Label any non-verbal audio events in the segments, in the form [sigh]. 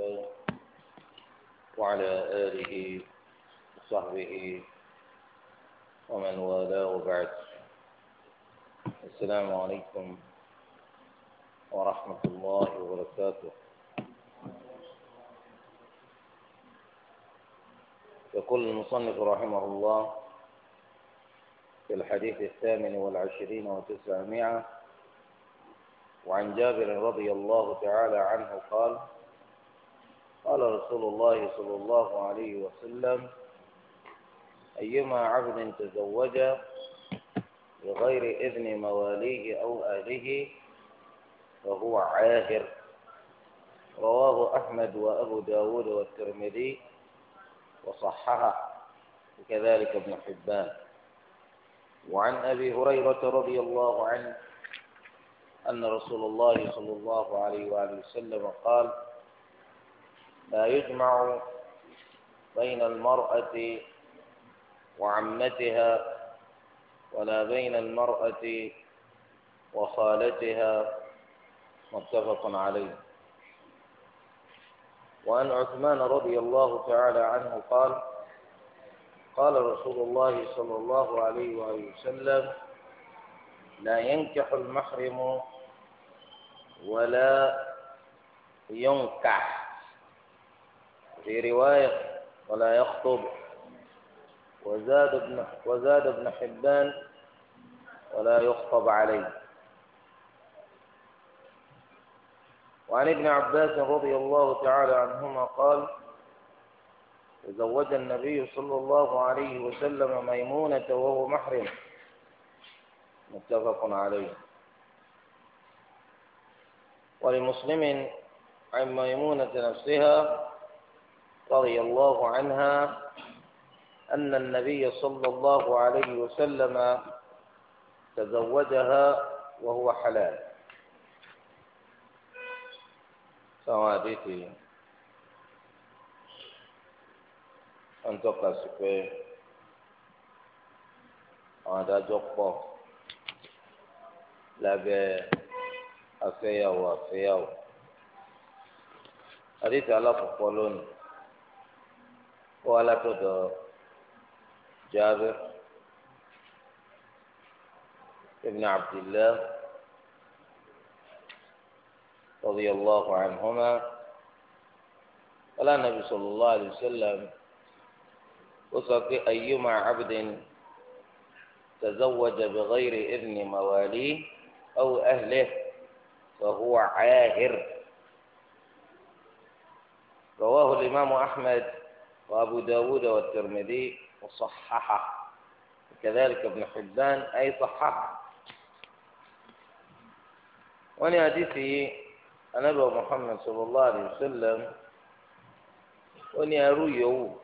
الله وعلى آله وصحبه ومن والاه بعد السلام عليكم ورحمة الله وبركاته يقول المصنف رحمه الله في الحديث الثامن والعشرين وتسعمائة وعن جابر رضي الله تعالى عنه قال قال رسول الله صلى الله عليه وسلم أيما عبد تزوج بغير إذن مواليه أو أهله فهو عاهر رواه أحمد وأبو داود والترمذي وصححه وكذلك ابن حبان وعن أبي هريرة رضي الله عنه أن رسول الله صلى الله عليه وآله وسلم قال لا يجمع بين المرأة وعمتها ولا بين المرأة وخالتها متفق عليه وعن عثمان رضي الله تعالى عنه قال قال رسول الله صلى الله عليه وآله وسلم لا ينكح المحرم ولا ينكح في رواية ولا يخطب وزاد ابن وزاد ابن حبان ولا يخطب عليه وعن ابن عباس رضي الله تعالى عنهما قال تزوج النبي صلى الله عليه وسلم ميمونة وهو محرم متفق عليه ولمسلم عن ميمونة نفسها رضي الله عنها أن النبي صلى الله عليه وسلم تزوجها وهو حلال سوادتي أن تقصي هذا جوكو lábẹ́ afẹ́yàwó afẹ́yàwó àdìsí alákọ̀ọ́kọ́ lónìí ولا تدا جابر ابن عبد الله رضي الله عنهما قال النبي صلى الله عليه وسلم وصف أيما عبد تزوج بغير إذن مواليه أو أهله فهو عاهر رواه الإمام أحمد وأبو داود والترمذي وصححه كذلك ابن حبان أي صححه وني حديثي أن أبو محمد صلى الله عليه وسلم وني أروي يو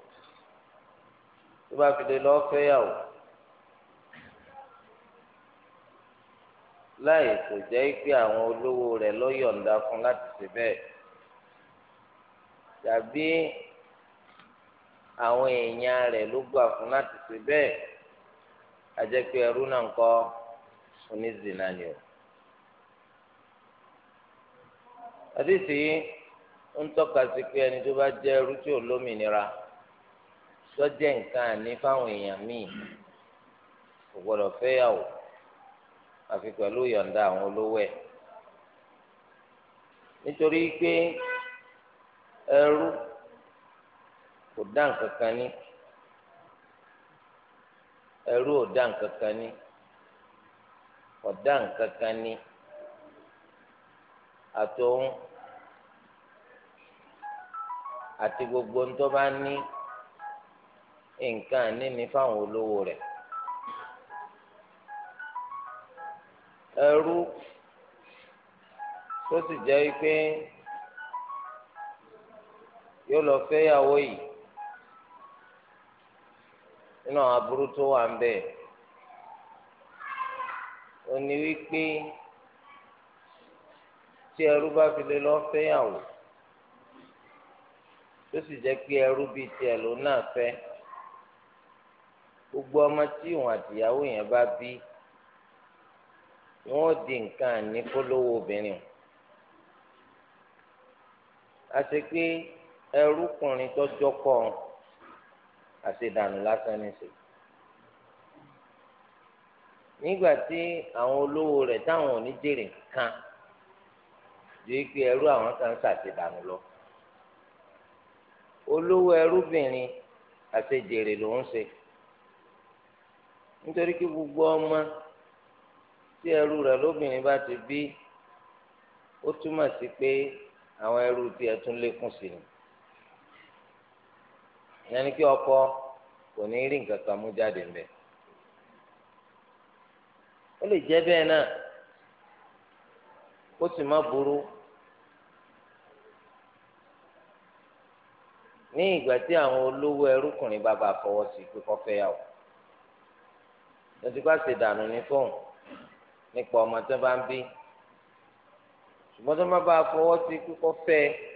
في دلوقتي يو láyè kò jẹ́ pé àwọn olówó rẹ̀ lọ́yọ̀ǹda fún láti ṣe bẹ́ẹ̀ tàbí àwọn èèyàn rẹ̀ ló gbà fún láti ṣe bẹ́ẹ̀ àjẹpẹ́ ẹrú náà ń kọ́ onízìnnà ni o. àdìsí ń tọ́ka sí pé ẹni tó bá jẹ́ ẹrú tí ò lómìnira tó jẹ́ nǹkan àní fáwọn èèyàn míì kò gbọ́dọ̀ fẹ́yàwó àfi pẹ̀lú yọ̀ǹda àwọn olówó ẹ̀ nítorí pé ẹrú kò dá nǹkan kan ní ẹrú ò dá nǹkan kan ní kò dá nǹkan kan ní àtòun àti gbogbo ń tó bá ní nǹkan níní fáwọn olówó rẹ̀ ẹrú tó sì jẹ́ pé yóò lọ fẹ́yàwó yìí nínú àwọn aburú tó wà ń bẹ ó ní wípé tí ẹrú bá fi lè lọ fẹ́yàwó tó sì jẹ́ pé ẹrú bíi tiẹ̀ ló náà fẹ́ gbogbo ọmọ tí ìwọn àtìyàwó yẹn bá bí wọn ò di nǹkan àní kólówó obìnrin àti pé ẹrúkùnrin tó jọkọ ọ̀hún àti ìdànù lásán nìṣe. nígbà tí àwọn olówó rẹ̀ táwọn ò ní jèrè kan ju ipe ẹrú àwọn kan ṣàtìdànù lọ olówó ẹrúbìnrin àti jèrè ló ń ṣe nítorí kí gbogbo ọmọ tí ẹrú rẹ̀ lóbìnrin bá ti bí ó túmọ̀ sí pé àwọn ẹrú tiẹ̀ tún lékún sí ni ìyẹn ni kí ọkọ kò ní rí nǹkan kan mú jáde ń bẹ ó lè jẹ́ bẹ́ẹ̀ náà kó sì má burú ní ìgbà tí àwọn olówó ẹrúkùnrin bàbá fọwọ́ sí pé kọ́ fẹ́ yà wò lọ́sibá ṣe dànù ní fóun nípa ọmọ tó bá ń bí ṣùgbọ́n tó má bá fọwọ́ sí pé kọ́ fẹ́ yà wò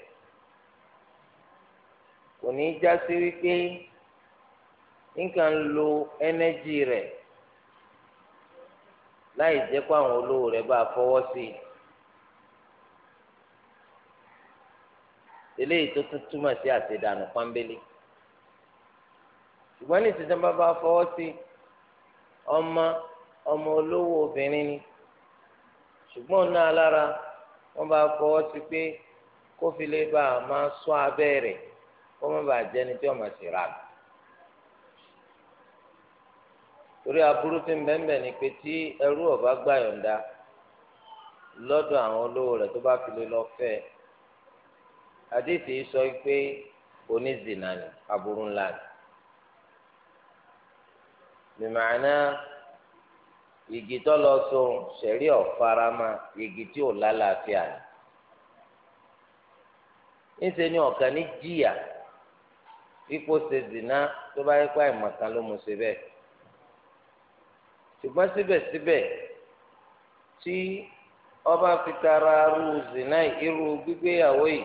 kò ní í já sí wípé nǹkan ń lo ẹnẹ́jì rẹ̀ láì jẹ́ pé àwọn olówó rẹ̀ bá fọwọ́ sí i. eléyìí tó tún túmọ̀ sí àṣedànù pọ́nbélé ṣùgbọ́n ní ìṣèjọba bá fọwọ́ sí ọmọ ọmọ olówó obìnrin ni ṣùgbọ́n náà lára wọ́n bá fọwọ́ sí pé kó bá a máa sọ abẹ́ rẹ̀ kó má bàa jẹ́ ni tí ọmọ sì rà lọ. torí aburú tí ń bẹ́ẹ̀ ni pé tí ẹrú ọba gbà yọ̀ǹda lọ́dọ̀ àwọn olówó rẹ̀ tó bá fi lè lọ fẹ́ ẹ àdéhìí sọ pé onízìnà ni aburú ńlá ni bìmọ̀ọ́nà igi tó lọ sóhun ṣẹ̀rí ọ̀farama igi tí ò lálàáfíà ni ńṣe ni ọ̀kan ní jìyà ipò ṣe zina tó bá yẹ pé àìmọ̀kan ló mú ṣe bẹ́ẹ̀ ṣùgbọ́n síbẹ̀síbẹ̀ tí ọba fi tara zina irú gbígbéyàwó yìí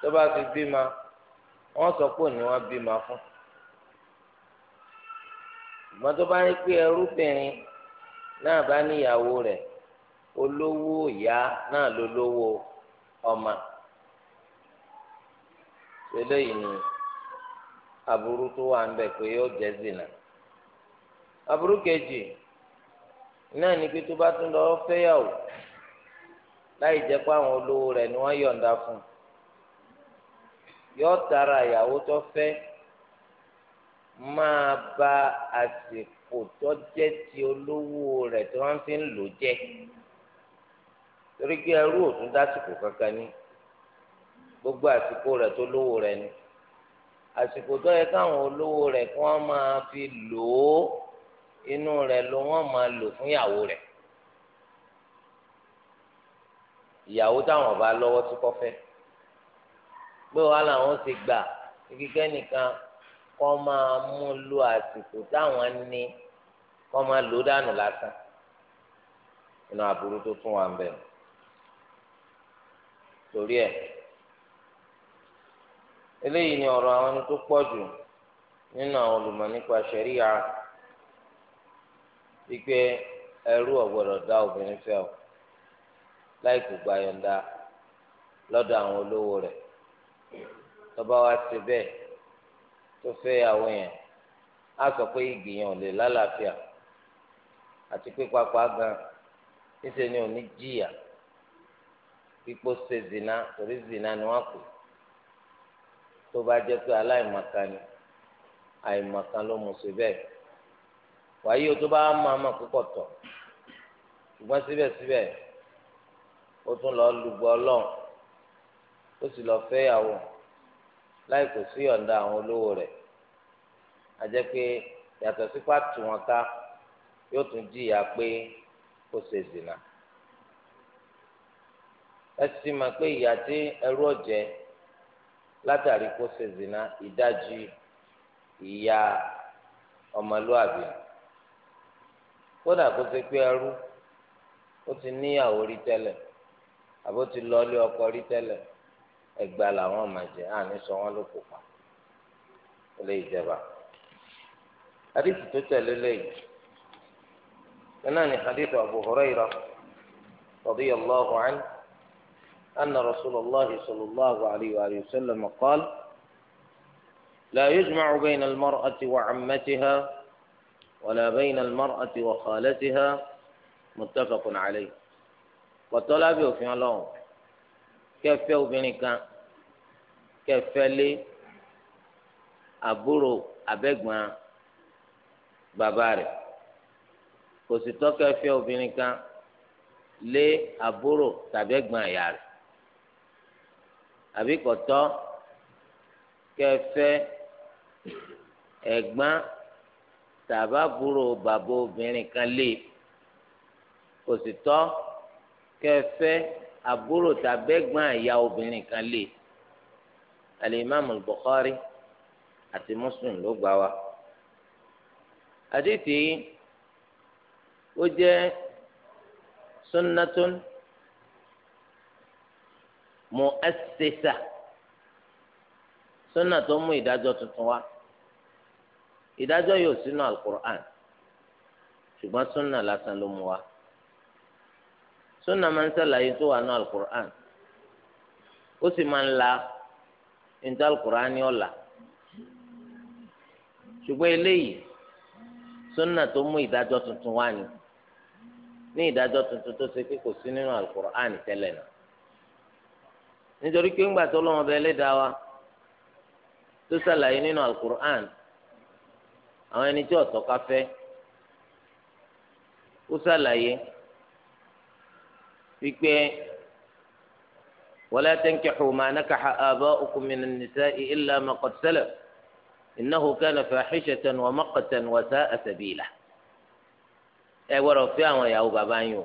tó bá fi bímọ wọ́n sọ pé òní wọ́n bímọ fún ṣùgbọ́n tó bá yẹ pé ẹrúbìnrin náà bá níyàwó rẹ̀ olówó ìyá náà lólówó ọmọ aburú tó wà ń bẹ pé yóò jẹ́ zina aburú kejì náà ní pé tó bá tún lọ fẹ́yàwó láì jẹ́ pé àwọn olówó ni wọ́n yọ̀ǹda fún yóò tara ìyàwó tó ma ba àsìkò tó ti olówó rẹ̀ tí wọ́n fi ń lò jẹ torí pé ẹrú òtún dásìkò kankan gbogbo àsìkò re tó lówó rẹ̀ ni. àsìkò tó yẹ káwọn olówó rẹ̀ kí wọ́n máa fi lò ó inú rẹ̀ ló wọ́n máa lò fún ìyàwó rẹ̀ ìyàwó táwọn bá lọ́wọ́ tí kò fẹ́ pé wàá làwọn ti gbà kíkẹ́ nìkan kọ́ máa mú lo àsìkò táwọn ní kọ́ máa lò dànù lásán inú aburú tó tún wà ń bẹ̀rù torí ẹ̀. eléyìí ni ọ̀rọ̀ àwọn ẹni tó pọ̀ jù nínú àwọn olùmọ̀ nípa ṣẹ̀ríya wípé ẹrú ọ̀gbọ́dọ̀ dá obìnrin fẹ́ láì gba yọ̀ǹda lọ́dọ̀ àwọn olówó rẹ̀ tọ́ba wa ti bẹ́ẹ̀ tó fẹ́ yẹn á sọ pé ìgbìyàn lè lálàáfíà àti pé zina torí zina ni tó bá jẹ́ pé aláìmọ̀kan ni àìmọ̀kan ló mú sí bẹ́ẹ̀ wàyí o tó bá mọ àmọ́ púpọ̀ tọ̀ ṣùgbọ́n síbẹ̀síbẹ̀ ó tún lọ lùgbọ́ ọlọ́run ó sì lọ fẹ́yàwó láì kò sí yọ̀ǹda àwọn olówó rẹ̀ a jẹ́ pé yàtọ̀ sí pàtó wọn ká yóò tún jìyà pé kó ṣe zìnà ẹ sì máa pé ìyá tí ẹrú ọ̀jẹ̀ látàrí kó ṣe zina ìdajì ìyá ọmọlúwàbí kódà kó ṣe pé ẹrú ó ti níyàwó rí tẹ́lẹ̀ àbó ti lọ́ọ́lé ọkọ rí tẹ́lẹ̀ ẹgbà làwọn máa àní sọ wọn ló kó pa ilé ìjẹba tó tẹ̀lé lẹ́yìn náà hadith Abu Hurairah أن رسول الله صلى الله عليه وآله وسلم قال لا يجمع بين المرأة وعمتها ولا بين المرأة وخالتها متفق عليه وطلب في الله كيف بنك كيف لي àbúrò abẹ́gbọ́n bàbá rẹ̀ kò sì tọ́kẹ́ fẹ́ obìnrin kan lé àbúrò tàbẹ́gbọ́n ìyá rẹ̀ àbí kọ̀tọ́ kẹfẹ́ ẹ̀gbọ́n tàbábúrò bàbá obìnrin kan lé kò sì tọ́ kẹfẹ́ àbúrò tàbẹ́gbọ́n àyà obìnrin kan lé alimami Bukhari àti Muslim ló gbà wá àdìtì ó jẹ́ sunnatun. mu'assisa sunna tó mú ìdájọ́ tuntun wá ìdájọ́ yóò sínú alukur'an ṣùgbọ́n sunna lásán ló mú wá sunna máa ń sàlàyé tó wà ní alukur'an ó sì máa ń la ní alukur'an ní ọ̀la ṣùgbọ́n eléyìí sunna tó mú ìdájọ́ tuntun wá ni ní ìdájọ́ tuntun tó ṣe pé kò sí nínú alukur'an tẹ́lẹ̀ náà. nítorí pé ńgbà tó lọ́wọ́ bẹ́ẹ̀ lẹ́dàá wa tó ṣàlàyé nínú alukur'an àwọn ẹni tí ọ̀tọ̀ ká fẹ́ ó ṣàlàyé wípé wala tankihu ma nakaha aba'ukum minan nisa'i illa ma qad salaf innahu kana fahishatan wa maqtan wa sa'a sabila ẹ gbọ́dọ̀ fẹ́ àwọn ìyàwó bàbá yín o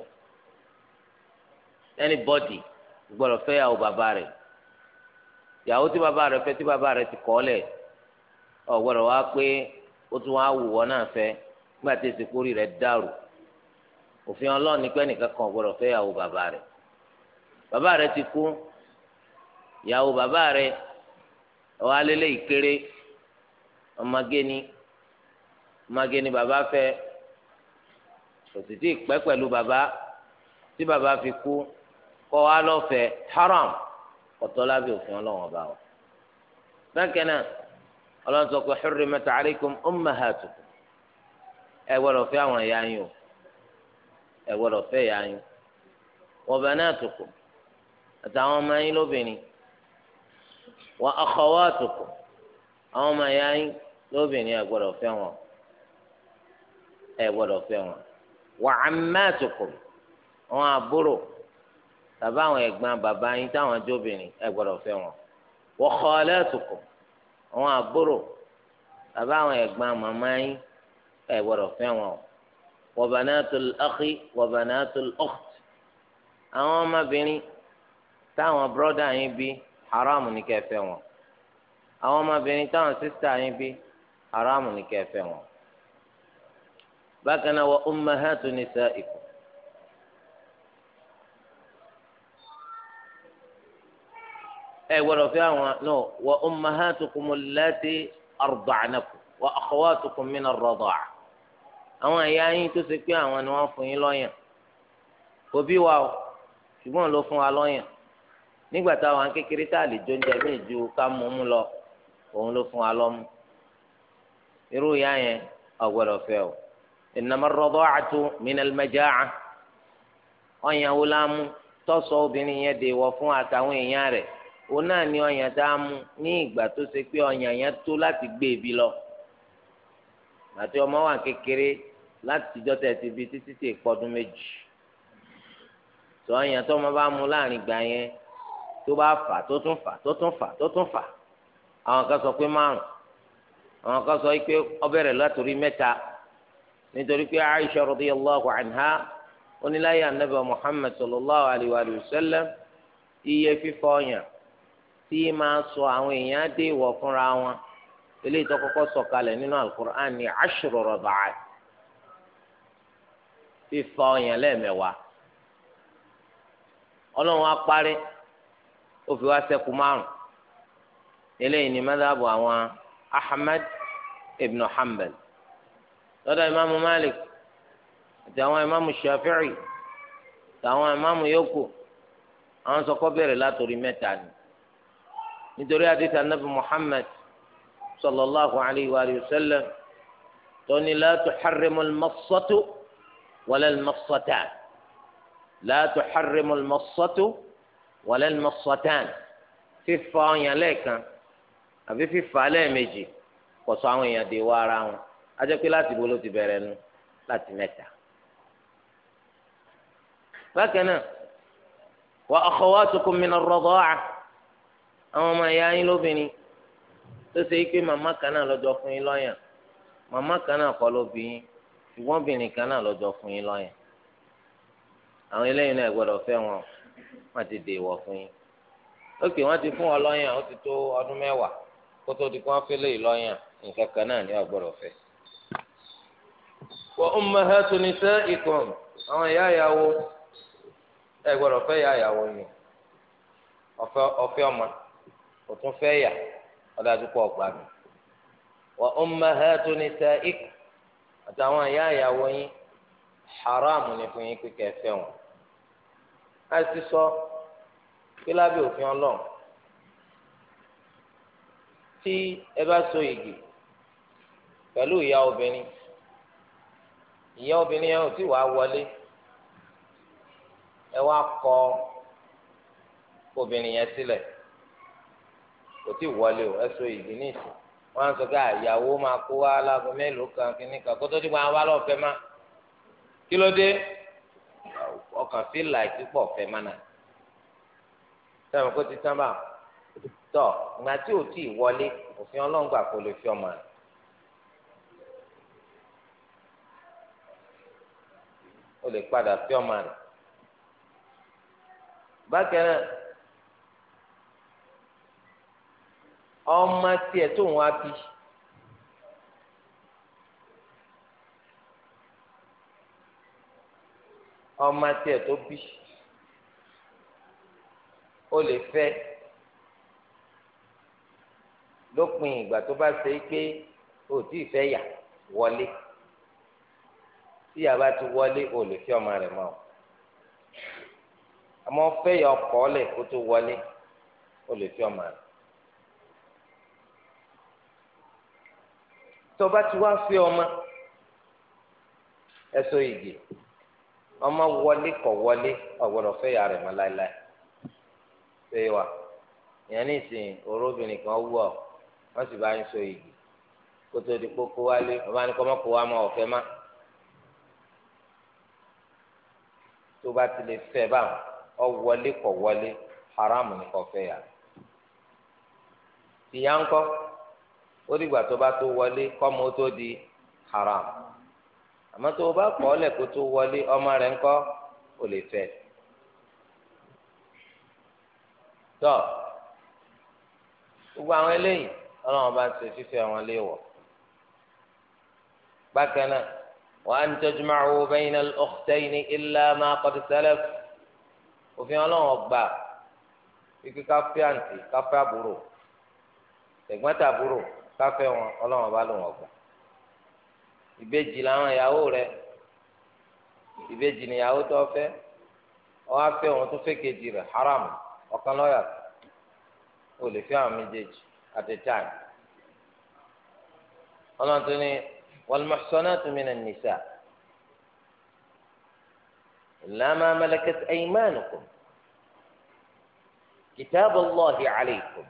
anybody gbọ́dọ̀ fẹ́ yàwó bàbá rẹ̀ yàwó tí bàbá rẹ̀ fẹ́ tí bàbá rẹ̀ ti kọ̀ lẹ̀ ọ gbọ́dọ̀ wá pé ó tún wá wù wọ́n náà fẹ́ nígbà tí èsì kórì rẹ̀ dàrú òfin Ọlọ́run ni pé nìkan kan gbọ́dọ̀ fẹ́ yàwó bàbá rẹ̀ bàbá rẹ̀ ti kú yàwó bàbá rẹ̀ ọwọ́ alẹ́lẹ́ ìkéré ọmọge ni bàbá fẹ́ òtítì pẹ́ pẹ̀lú bàbá tí bàbá fi kú. kọ́ wa lọ́fẹ̀ẹ́ haram ọ̀tọ́ lábẹ́ òfin ọlọ́wọ́n bá wa. bákan náà ọlọ́run sọ pé hurrimat alaykum ummahatukum ẹ gbọ́dọ̀ fẹ́ àwọn yín o ẹ gbọ́dọ̀ fẹ́ ìyá yín wa banatukum àtàwọn ọmọ yín lóbìnrin wa akhawatukum àwọn ọmọ ìyá yín lóbìnrin ẹ tàbí àwọn ẹ̀gbọ́n bàbá yín táwọn jóbìnrin ẹ gbọ́dọ̀ fẹ́ wọn wa khalatukum àwọn àbúrò tàbí àwọn ẹ̀gbọ́n màmá yín ẹ gbọ́dọ̀ fẹ́ wọn wa banatul akhi wa banatul ukht àwọn ọmọbìnrin táwọn bọ́dà yín bí haram ní kẹ́ fẹ́ wọn àwọn ọmọbìnrin táwọn sísítà yín bí haram ní kẹ́ fẹ́ wọn bákan náà wa ummahatu nisaikum. ẹ gbọ́dọ̀ fẹ́ àwọn no wa ummahatukum allati arda'nakum wa akhawatukum min ar-rada'a àwọn ẹ̀yà yín tó ṣe pé àwọn ni wọ́n fún yín lọ́yàn kò bí wa o ṣùgbọ́n ló fún wa lọ́yàn nígbà táwọn kékeré tá a lè jó oúnjẹ míì ju ká mú mú lọ òun ló fún wa lọ́mú irú ìyá yẹn ọ̀gbọ́dọ̀ fẹ́ o innama ar-rada'atu min al-majaa'a ọ̀yàn wo la obìnrin yẹn dè wọ́ fún àtàwọn èèyàn rẹ̀ òun náà ni ọyàn tá a mú ní ìgbà tó ṣe pé ọyàn yẹn tó láti gbé ebi lọ àti ọmọ wa kékeré láti tijọ́ ti bi títí tí ìpọ́dún méjì tó ọyàn tó ọmọ bá mú láàrin gbà yẹn tó bá fà tó tún fà tó tún fà tó tún fà àwọn kan sọ pé márùn àwọn kan sọ pé látòrí mẹ́ta nítorí pé Aisha anha oníláyà Ànábì Muhammad sallallahu alayhi wa iye tí máa sọ àwọn èèyàn dé ìwọ̀ fúnra wọn eléyìí tó kọ́kọ́ nínú alukur'an ní ashru rabaat fífa ọyàn lẹ́ẹ̀mẹ́wàá ọlọ́run á ó fi wá sẹ́kù márùn eléyìí ní madhabu àwọn ahmed malik àti àwọn imaamu shafi'i àti àwọn imaamu àwọn látòrí nítorí àdìsí anabi muhammad sallallahu alayhi wa sallam tóní la tuharrimu al-massatu wala al-massatan la tuharrimu al-massatu wala al-massatan fífa ọyàn lẹ́ẹ̀kan àbí fífa lẹ́ẹ̀mejì kọsọ àwọn èèyàn di wá ara wọn ajẹ́ pé láti bolo ti bẹ̀rẹ̀ nu láti mẹ́ta. bákan náà wa akhawatukum min ar-radaa'a. àwọn ọmọ ẹ̀yà yín lóbìnrin tó ṣe pé màmá kan náà lọ́jọ́ fún yín lọ́yàn màmá kan náà kọ́ lóbìnrin ṣùgbọ́n obìnrin kan náà lọ́jọ́ fún yín àwọn eléyìí náà gbọ́dọ̀ fẹ́ wọn wọ́n ti dè wọ̀ fún yín ókè wọ́n ti fún ọ ti tó ọdún mẹ́wàá kó tó di kó wọ́n fẹ́ nǹkan kan náà ni wọ́n gbọ́dọ̀ fẹ́. kò tún fẹ́ yà ọ̀dájú pọ̀ gbà mí. wa ummahatu nisa'ik àtàwọn ìyá ìyàwó yín haram ni fún yín kíkẹ́ fẹ́ wọn. a ti sọ pé lábẹ́ òfin ọlọ́run tí ẹ bá so igi pẹ̀lú ìyá obìnrin ìyá obìnrin yẹn ò tí wàá wọlé ẹ wá kọ obìnrin yẹn sílẹ̀. kò tí ì wọlé o ẹsọ ìdí ní ìsìn wọn á sọ pé àyàwó máa kó wá láago mélòó kan kínní kan kó tó dìbò àwọn wá lọ́ọ̀fẹ́ má kí ló dé ọkàn fi là ìpípọ̀ fẹ́ má nà sẹ́wọ̀n kó ti tán bá tọ̀ ìgbà tí ò tí ì wọlé òfin ọlọ́ngbà kò lè fi ọmọ rẹ̀. o lè padà fi ọmọ rẹ̀ bákan náà. ọmọ tiẹ̀ tó ń wá bí. ọmọ tiẹ̀ tó bí ó lè fẹ́ lópin ìgbà tó bá ṣe é pé ó ti fẹ́ yà wọlé tí yà bá ti wọlé ó lè fi ọmọ rẹ̀ mọ́ ọ àmọ́ fẹ́ yà ọkọ̀ kó tó wọlé ó lè fi ọmọ rẹ̀. tọba ti wá fẹ́ ọmọ ẹsọ ìgè ọmọ wọlé kọ wọlé ọgbọ́dọ̀ fẹ́ yà rẹ mọ láéláé ṣé wa ìyẹn ní ìsìn orobìnrin kan wú wọn sì bá ń ọba ní kọ́ mọ́kó wá mọ́ ọ̀fẹ́ má ti lè ọ wọlé kọ wọlé haram kọ yà ó dìgbà tó bá tó wọlé kọ́mọ tó di haram àmọ́ tó o bá kọ́ ọ́ lẹ̀ kó tó wọlé ọmọ rẹ̀ ńkọ́ ò lè fẹ́ tọ́ gbogbo àwọn eléyìí ọlọ́run bá ṣe fífẹ́ wọn léèwọ̀ bákan náà wa an tajma'u bayna al-ukhtayni illa ma qad salaf òfin ọlọ́run ọgbà ikú káfíàǹtì káfíàbúrò tẹ̀gbọ́n tàbúrò káfẹ́ wọn ọlọ́run bá lò wọ́n gbà ìbejì làwọn ìyàwó rẹ ìbejì nìyàwó tó fẹ́ ọwọ́ afẹ́ wọn tó fẹ́ kejì rẹ haram ọ̀kan lọ́yà o lè fẹ́ àwọn méjèèjì at a time ọlọ́run tó ní wal muhsanatu minan nisa illa ma malakat aymanukum kitaballahi alaykum.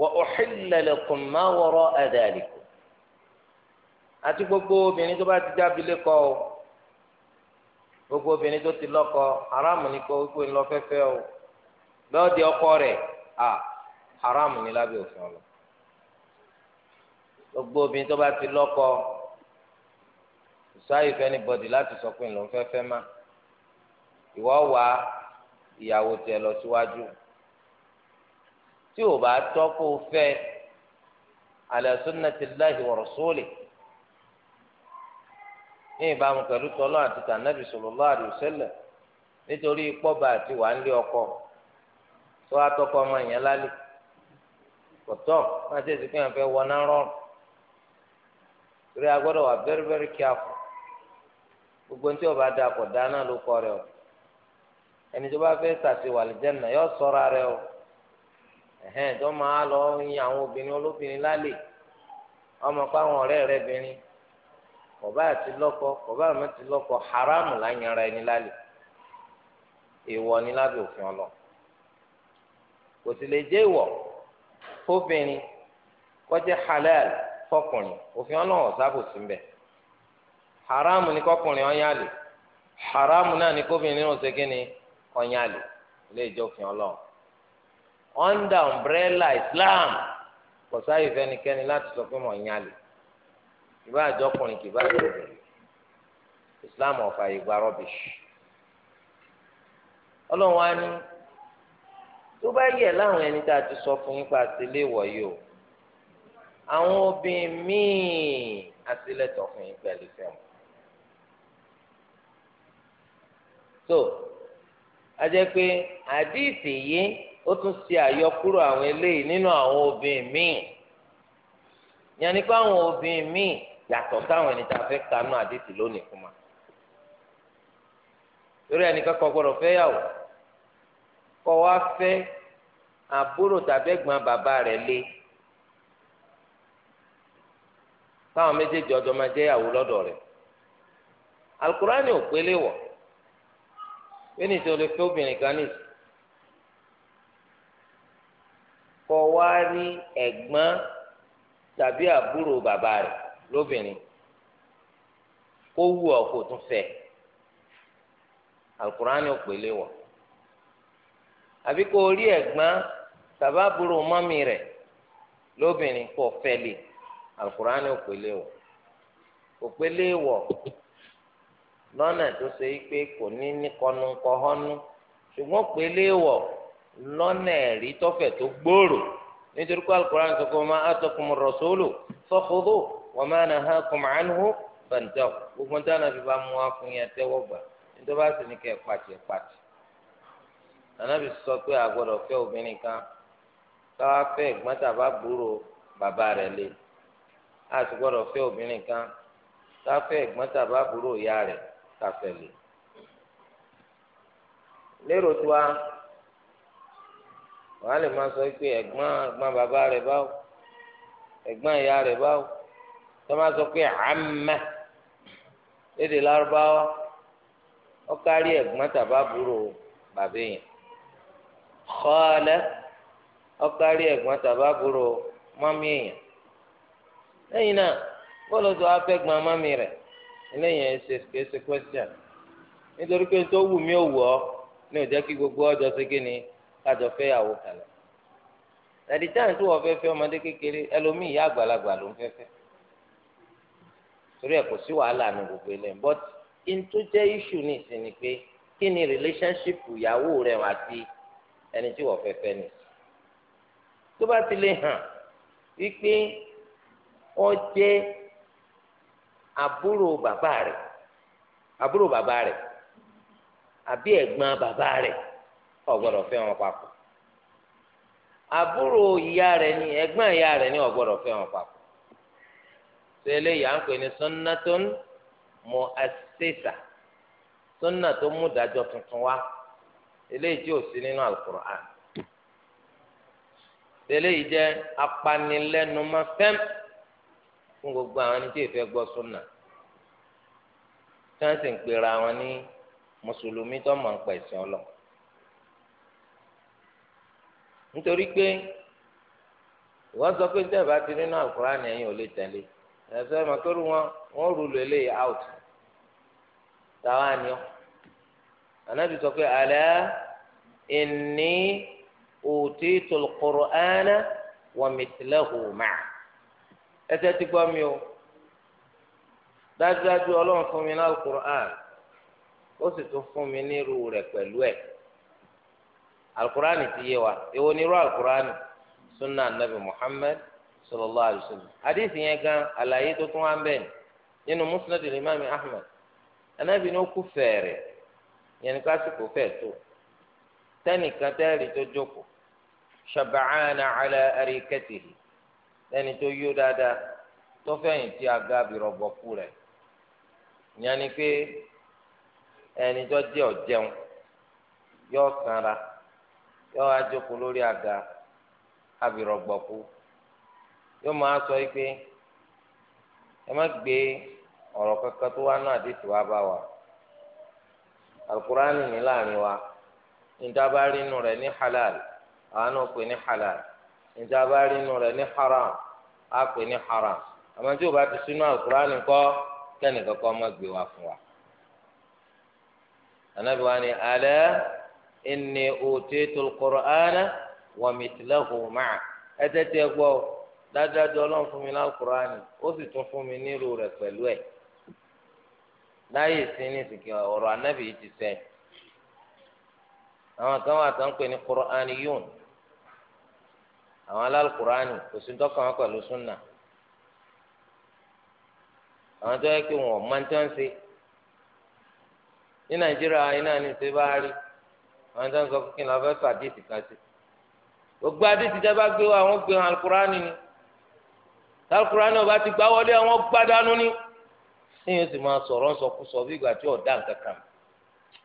وأحل لكم ما وراء ذلك àti بني obìnrin tó bá ti jábí lẹ́kọ́ o gbogbo obìnrin tó ti lọ́kọ haramu ni kó gbogbo ń lọ fẹ́fẹ́ o bẹ́ẹ̀ di ọkọ rẹ̀ a haramu ni lábẹ́ òfin ọ̀la gbogbo obìnrin tó bá ti lọ́kọ sáyé fẹ́ ní bọ́dì láti sọ pé ń lọ fẹ́fẹ́ má ìwọ wá ìyàwó tẹ lọ síwájú. Si tí ò bá tọ́ kó o fẹ́ ala sunnatillahi wa rasulih ní ìbámu pẹ̀lú tọ́lọ́ àti tànàbì sallallahu alaihi wasallam nítorí pọ́ba àti wà ń lé ọkọ tó wá tọkọ ọmọ yẹn lálẹ́ kọ̀tọ́ máa tẹ̀sí pé wọ́n fẹ́ wọ náà rọrùn torí a gbọ́dọ̀ wà very very careful gbogbo ní tí o bá da kọ̀ dáná ló kọ́ rẹ o ẹni tó bá fẹ́ sàṣewà lìjẹ́ nà yọ rẹ o. ẹ̀hẹ́n tó máa lọ yin àwọn obìnrin olóbìnrin lálẹ́ ọmọ pa àwọn ọ̀rẹ́ rẹ̀ bìnrin kọ̀bá àti lọkọ kọ̀bá àmọ́ ti lọ́kọ haramu ẹni ìwọ ni lábẹ́ òfin ọlọ kò sì lè jẹ́ ìwọ fóbìnrin kọjá halal fọkùnrin òfin ọlọ́wọ́ sábò sí mbẹ haramu ni kọkùnrin ọ̀yàlè haramu ni kóbìnrin kínní ilé ìjọ under umbrella Islam kò sáyè fẹ́nikẹ́ni láti sọ pé mọ̀ ń yálè ìbá àjọkùnrin kì bá àjọkùnrin Islam ọ̀fà ìgbà rubbish ọlọ́run wa ní tó bá yẹ láwọn ẹni tá a ti sọ fún yín pa àtìlẹ́ ìwọ̀ o àwọn obìnrin míì àtìlẹ́tọ̀ fún yín pẹ̀lú fẹ́mu. so a jẹ́ pé àdìsí yìí ó tún ṣe àyọkúrò àwọn eléyìí nínú àwọn obìnrin míì yẹn ni pé àwọn obìnrin míì yàtọ̀ táwọn ẹni tá a fẹ́ kanú àdìsí lónìí fún wa torí ẹnìkan kò gbọdọ̀ fẹ́ yàwó kọ́ wa fẹ́ àbúrò tàbí ẹ̀gbọ́n bàbá rẹ̀ lé táwọn méjèèjì ọjọ́ máa jẹ́ ìyàwó lọ́dọ̀ rẹ̀ alukurani ò pélé wọ̀ pé nítorí fẹ́ obìnrin kan nìyí wá rí ẹ̀gbọ́n tàbí àbúrò bàbá rẹ̀ lóbìnrin kó wù ọ́ kó tún fẹ́ alukurani ò pèlè wọ̀ àbí kó rí ẹ̀gbọ́n tàbí àbúrò mọ́mì rẹ̀ lóbìnrin kó fẹ́ lè alukurani ò pèlè wọ̀ kò pèlè lọ́nà tó ṣe pé kò ní níkọnu kọ́hónú ṣùgbọ́n pèlè wọ̀ lọ́nà ẹ̀rí tọ́fẹ̀ tó gbòòrò nítorí pé alukur'an sọ pé wa ma atakumur rasulu fakhudhu wa ma nahakum anhu fantahu gbogbo ń dáná fi bá mú wa fún yẹn tẹ́wọ́ gbà nítorí bá sì ní kẹ́ pàtì pàtì nànàbì sọ pé àgbọ̀dọ̀ fẹ́ obìnrin kan káwá fẹ́ ẹ̀gbọ́n tàbá gbúrò bàbá rẹ̀ lé àti gbọ́dọ̀ obìnrin kan káwá fẹ́ ẹ̀gbọ́n tàbá gbúrò ìyá rẹ̀ káfẹ́ lé lérò tó a wàá lè máa sọ pé ẹ̀gbọ́n ẹ̀gbọ́n bàbá rẹ̀ báwo ẹ̀gbọ́n ìyá rẹ̀ báwo tó máa sọ pé àmà lédè lárúbáwá ó kárí ẹ̀gbọ́n tàbá búrò bàbá yẹn kọ́ọ̀lẹ́ ó kárí ẹ̀gbọ́n tàbá búrò mọ́mí yẹn lẹ́yìn náà bọ́ọ̀lù tó afẹ́gbọ́n mọ́mí rẹ̀ eléyìí ẹ̀ ṣe kéṣe question nítorí pé tó wù mí ò wù ní ò kí gbogbo ọjọ́ ṣe ni kájọ fẹ́ yàwó kan lọ tàbí táwọn tó wọ́n fẹ́ fẹ́ ọmọdé kékeré ẹlòmíì ìyá àgbàlagbà ló ń fẹ́ fẹ́ torí ẹ̀ kò sí wàhálà nu gbogbo ẹlẹ́yìn but in tó jẹ́ iṣu ní ìsinmi pé kí ni relationship ìyàwó rẹ̀ àti ẹni tí wọ́n fẹ́ fẹ́ ni tó bá ti lè hàn wípé ó jẹ́ àbúrò bàbá rẹ̀ àbúrò bàbá rẹ̀ àbí ẹ̀gbọ́n bàbá rẹ̀ o gbọ́dọ̀ fẹ́ wọn papọ̀ àbúrò ìyá rẹ̀ ni ẹ̀gbọ́n ìyá rẹ̀ ni o gbọ́dọ̀ wọn papọ̀ ṣe eléyìí à ń pè ní sunnatun mu'assisa sunna tó mú dájọ́ tuntun wá eléyìí tí ò sí nínú alukur'an eléyìí jẹ́ apanilẹ́numọ́ fẹ́m fún gbogbo àwọn ẹni tí èèfẹ́ gbọ́ sunna tí wọ́n sì ń pera wọn ní mùsùlùmí tó mọ̀ ń pẹ̀sìn ọlọ́run nítorí pé wọ́n sọ pé tẹ́ẹ̀ bá ti nínú àkùránì ẹ̀yìn ò lè tẹ̀lé ẹ̀sọ́ ẹ̀ mọ̀kẹ́rù wọn wọ́n rúlu eléyìí out táwa ni ọ́ ànábì sọ pé alẹ́ ìní òtí tòlùkùrù ẹ̀ẹ́nà wọ̀mìtìlẹ́hù máa ẹsẹ̀ ti gbọ́ mi o dájúdájú ọlọ́run fún mi ní àkùránì ó sì tún fún mi ní irú rẹ̀ pẹ̀lú ẹ̀ alukurani ti yé wa èwo ni irú alukurani sunna anabi muhammed sallallahu alayhi wa sallam hadith yẹn gan àlàyé tó tún wá ń bẹ nínú musnad imami ahmed anabi ni ó kú fẹ̀rẹ̀ yẹn ni kásìkò fẹ́ tó tẹnìkan tẹ́rì tó jókòó shabaana ala arikatihi lẹ́ni tó yó dáadáa tó fẹ̀yìn tí aga bìrọ̀bọ̀kú rẹ̀ yẹn ni pé ẹni tó jẹ́ ọ̀jẹun yóò sanra. yọ adzoko jókòó lórí abirọ abìrọ̀gbọ̀kú yóò máa sọ ikpe ẹ má gbé ọrọ kankan tó wá náà wa bá wa alukurani ní láàrin wa ìjábá rinu rẹ halal àwọn náà pè ní halal ìjábá rinu rẹ ní haram á pè ní haram àmọ́ tí o bá ti sínú alukurani kọ kẹ́nìkan kọ́ wa inni utitu al-Qur'ana wa mithlahu ma'a ẹ tẹ́tí ẹ gbọ́ fún mi ní al ó sì tún fún mi nírú rẹ̀ pẹ̀lú ẹ̀ láyé sí ní ìsìnkì ọ̀rọ̀ anábì yìí ti sẹ́ àwọn kan wà tó ń pè ní Qur'aniyun àwọn al kò sí dọ́kàn wọn súnà àwọn tó yẹ kí wọn àwọn ìjọba sọ kí n lọ fẹ́ tó àdéhìí kan sí. gbogbo àdéhìí tẹ́ bá gbé wa àwọn gbé alukurani ni alukurani ọba ti gbá wọlé àwọn gbádánú ni. sẹ́yìn ó sì máa sọ̀rọ̀ sọkúsọ bí ìgbà tí ọ̀dà nǹkan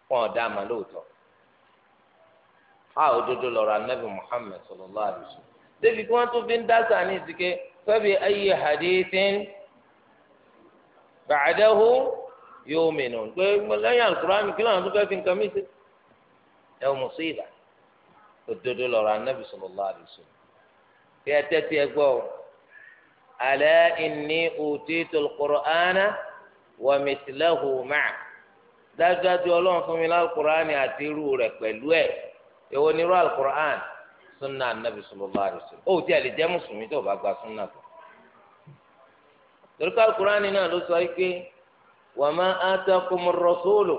fún ọ̀dà àmà lóòótọ́. a ò dodo anabi muhammed sallallahu alaihi wasallam. débi kí wọ́n tún fi ń dá sàní ìsìké fẹ́bi ayé hadithin ba'dahu yu'minun pé lẹ́yìn alukurani kí lóun tún fẹ́ fi nǹkan mí ẹ wọ́n mọ̀sọ́ ìlà òdodo lọ́rọ̀ anábì sallallahu alaihi wasallam tí ẹ tẹ́tí ẹ gbọ́ ọ ala inni utitu al-Qur'ana wa mithlahu ma'a dájúdájú ọlọ́run fún mi lálùkùránì àti irú rẹ̀ pẹ̀lú ẹ̀ èwo ni irú àlùkùránì sunna anabi sallallahu alaihi wasallam ó ti àlè jẹ́ mùsùlùmí tó bá gba sunna tó. torí àlùkùránì náà ló sọ wípé wa ma atakumur rasulu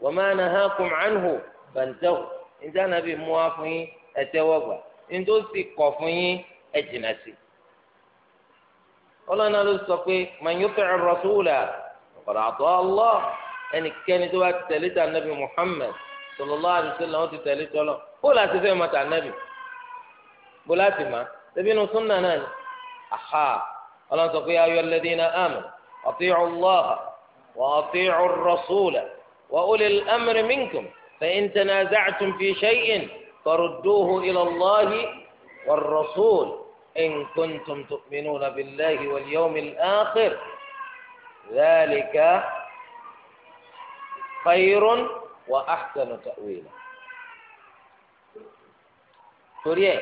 wa ma nahakum anhu fantahu níta nàbí mú wá fún yín ẹ tẹ́wọ́ gbà níta ó sì kọ̀ fún yín ẹ jìnà sí. ọlọ́nà ló sọ pé man yuti'i rasula faqad ata Allah ẹnikẹ́ni tó bá tẹ̀lé tà nàbí Muhammad sallallahu alaihi wasallam ti tẹ̀lé tọ́lọ̀ bó láti fẹ́ mọ tà nàbí bó láti má tẹ̀bí inú súnà náà ni aha ọlọ́nà sọ pé ya ayyuhalladhina amanu ati'u وأولي الأمر منكم فإن تنازعتم في شيء فردوه إلى الله والرسول إن كنتم تؤمنون بالله واليوم الآخر ذلك خير وأحسن تأويلا سوريا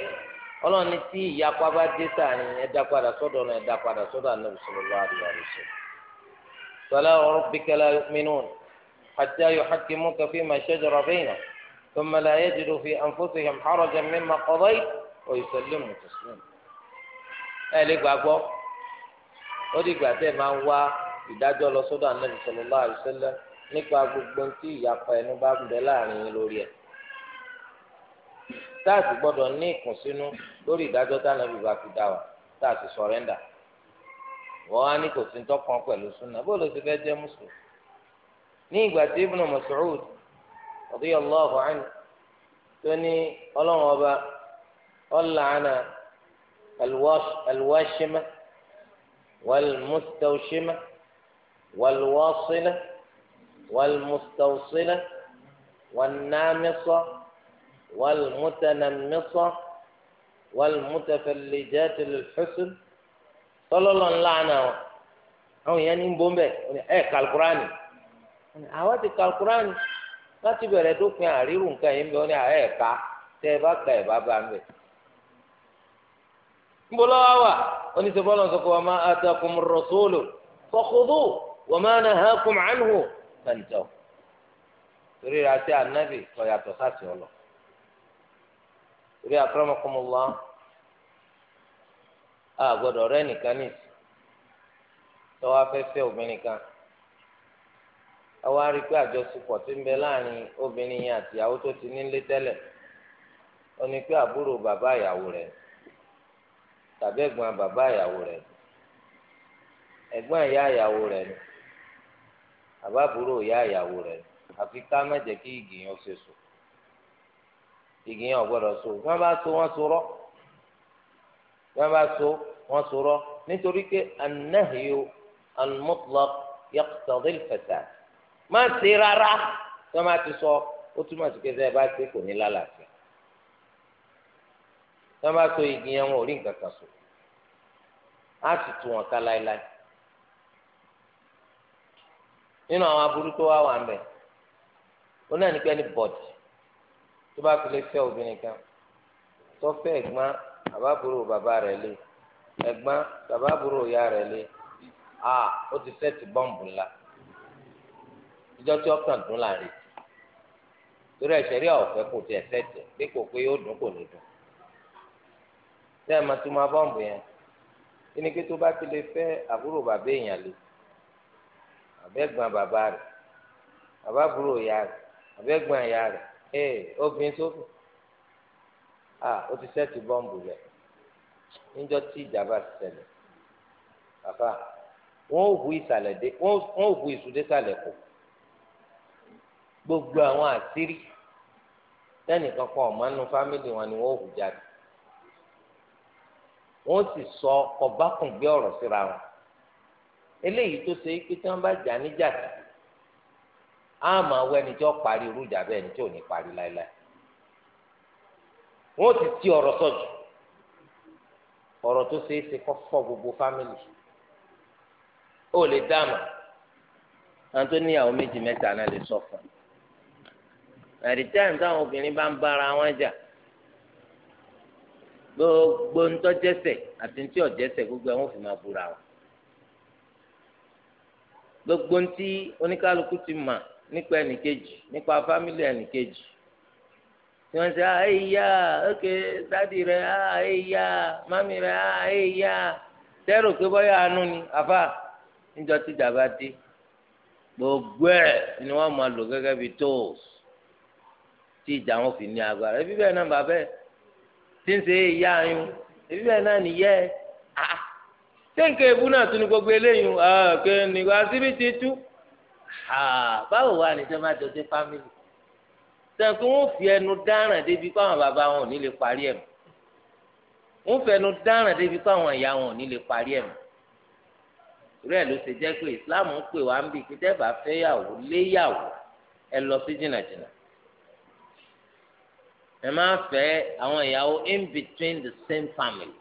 ọlọrun ní tí ìyapa bá dé sáàni ẹ dákpadà sọdọ ẹ dákpadà sọdọ anabi sọlọ lọ àdúrà rẹ sọ. sọlá ọrọ bíkẹlẹ mínú ni يا iyapa ba de saani e dakpada sodo e dakpada sodo anabi solo lo adura re so sola حتى يحكموك فيما شجر بينهم ثم لا يجدوا في أنفسهم حرجا مما قضيت ويسلموا تسليما ẹ lè gbàgbọ́ ó di ìgbà tẹ́ máa ń wá ìdájọ́ lọ sọ́dọ̀ Ànábì sallallahu alaihi wasallam nípa gbogbo tí ìyapa ẹnu bá ń bẹ láàrin yín lórí ẹ̀ táàsì gbọ́dọ̀ ní ìkùnsínú lórí ìdájọ́ tí Ànábì bá fi dá wa táàsì sọ̀rẹ́ndà wọ́n á ní kò sí ń tọ́kàn pẹ̀lú súnà bó ló ti fẹ́ jẹ́ mùsùlùmí ní ìgbà tí ibnu Mas'ud radiyallahu anhu tó ní ọlọ́run ọba ọ̀làánà alwashima walmustawshima walwasila walmustawsila wannamisa walmutanamisa walmutafallijati lilhusn tọ́lọ́lọ́ ńlá náà àwọn èèyàn ní bọ́m̀bẹ̀ ẹ̀ kàlùkùránì àwọn ti ka alukurani láti bẹ̀rẹ̀ dópin àríwú nǹkan yìí ń bẹ wọn ní àwọn ẹ̀ka tẹ ẹ bá ka ẹ bá bá ń bẹ. ń bọ́ lọ́wọ́ wà oníṣẹ́fọ́lọ́ sọ pé wa ma atakum rasulu fakhudhu wa ma nahakum anhu fantahu. torí ra sí anabi ọ̀yàtọ̀ sáàtì ọ̀lọ́. torí akramakumullah a gbọ́dọ̀ rẹ́ nìkan ní tọ́wọ́ afẹ́fẹ́ obìnrin kan àwa rí i pé àjọṣepọ̀ ti ń bẹ láàrin obìnrin yẹn àti ìyàwó tó ti nílé tẹ́lẹ̀ ó ní pé àbúrò bàbá ìyàwó rẹ̀ tàbí ẹ̀gbọ́n bàbá ìyàwó rẹ̀ ẹ̀gbọ́n ìyá ìyàwó rẹ̀ ni àbá àbúrò ìyá ìyàwó rẹ̀ àfi ká má jẹ́ kí igi yẹn ṣe sùn igi yẹn ò gbọ́dọ̀ so wọ́n bá so wọ́n so rọ́ wọ́n bá so wọ́n so rọ́ nítorí pé anahiyo almutlaq yaqtadil fasad má ṣe rárá tó má ti sọ ó túmọ̀ sí pé sẹ́yìn bá ṣe kò ní lálàáfíà tó má so igi yẹn wọn ò rí nǹkan kan so á sì tu wọn ká láéláé nínú àwọn aburú tó wá wà ń bẹ ó náà ní pé ní bọ́ọ̀dì tó bá fi lè fẹ́ obìnrin kan tó fẹ́ ẹ̀gbọ́n àbábúrò bàbá rẹ̀ lé ẹ̀gbọ́n bàbábúrò ìyá rẹ̀ lé a ó ti fẹ́ bọ́ǹbù ńlá ìjọ tí ọkàn dùn láàrin torí ẹsẹ̀ rí ọ̀fẹ́ kò tiẹ̀ tẹ̀tẹ̀ dípò pé yóò dùn kò ní dùn tẹ́ ẹ máa tún máa bọ́ǹbù yẹn kí ni kí tó bá ti lè fẹ́ àbúrò bàbá èèyàn lè àbẹ́gbọ́n bàbá rẹ̀ àbábúrò ìyá rẹ̀ àbẹ́gbọ́n ìyá rẹ̀ ee obìnrin sófin a ó ti sẹ́ẹ̀tì bọ́ǹbù rẹ̀ níjọ́ tí ìjàmbá ti ṣẹlẹ̀ bàbá wọn ò hu ìsàlẹ̀ dé wọn ò hu ìsúdésàlẹ̀ kù. gbogbo àwọn àṣírí tẹnìkan kan ọmọnú fámìlì wọn ni wọn ò hù jáde wọn sì sọ kọbákùngbé ọ̀rọ̀ síra wọn eléyìí tó ṣe pé tí wọn bá jà níjà tì á máa wọ ẹni tí ó parí irú ìjà bẹ́ẹ̀ ni tí ò ní parí láéláé wọn ò ti ọ̀rọ̀ sọjù ọ̀rọ̀ tó ṣe é ṣe kó fọ́ gbogbo fámìlì ó lè dáàmà àwọn tó níyàwó méjì mẹ́ta náà lè sọ fún un. àti táyìm táwọn obìnrin bá ń bára wọn jà gbogbo ntọ́jẹsẹ̀ àti ntí ọ̀jẹsẹ̀ gbogbo àwọn òfin máa búra wọn gbogbo ntí oníkálukú ti mà nípa ẹnìkejì nípa fámìlì ẹnìkejì tí wọ́n ṣe àìyá ah, ókè dádì rẹ̀ àìyá ah, mami rẹ̀ àìyá ah, tẹ́rù pé bọ́yá àánú ni àfà níjọ́ tíjà bá dé gbogbo ẹ̀ ni wọ́n máa lò gẹ́gẹ́ bíi tóòsì tí ìjà wọn fi ní agbára ẹbí bẹ́ẹ̀ náà bàbá ẹ̀ tí ń ṣe ìyá ayún ẹbí bẹ́ẹ̀ náà nìyẹ́ ah téńkè ah. ebú náà tún ní gbogbo eléyìí ah kè ní asíbi ti tú ah báwo wà ní sẹ́mi àjọṣe fámìlì sẹ́ńkì wọ́n fi ẹnu dáràn débi kó àwọn bàbá wọn ò ní lè parí ẹ̀ mọ́ wọ́n fi ẹnu dáràn débi kó àwọn ìyá wọn ò ní lè parí ẹ̀ mọ́ rẹ ló ṣe jẹ́ pé ìsìláàmù ń pè wá ń bì kí tẹ́ bá fẹ́ yàwó léyàwó ẹ lọ sí jìnnàjìnnà ẹ máa fẹ́ àwọn ìyàwó in between the same family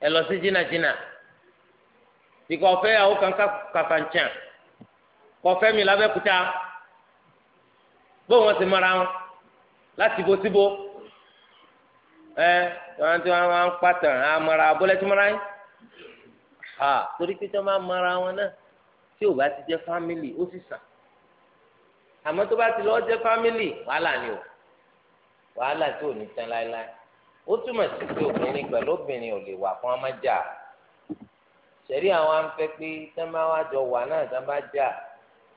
ẹ lọ sí jìnnàjìnnà bíkọ́ fẹ́ ìyàwó kan kàfàǹtsàn kọ́ fẹ́ mi lábẹ́kúta bóun wọn sì mara wọn láti bo síbo ẹ wọn tí wọn wọn pàtàn àmọ́ra abọ́lẹ́tì mara yín ha torí pé tí wọn máa mara wọn náà tí ò bá ti jẹ́ family ó sì sàn àmọ́ tó bá ti lọ jẹ́ fámìlì wàhálà ni o wàhálà tí ò ní tán láéláé ó túmọ̀ sí pé obìnrin pẹ̀lú obìnrin ò lè wà fún amájà ṣẹ̀rí àwọn afẹ́ pé tán bá wá jọ wà náà tán bá jà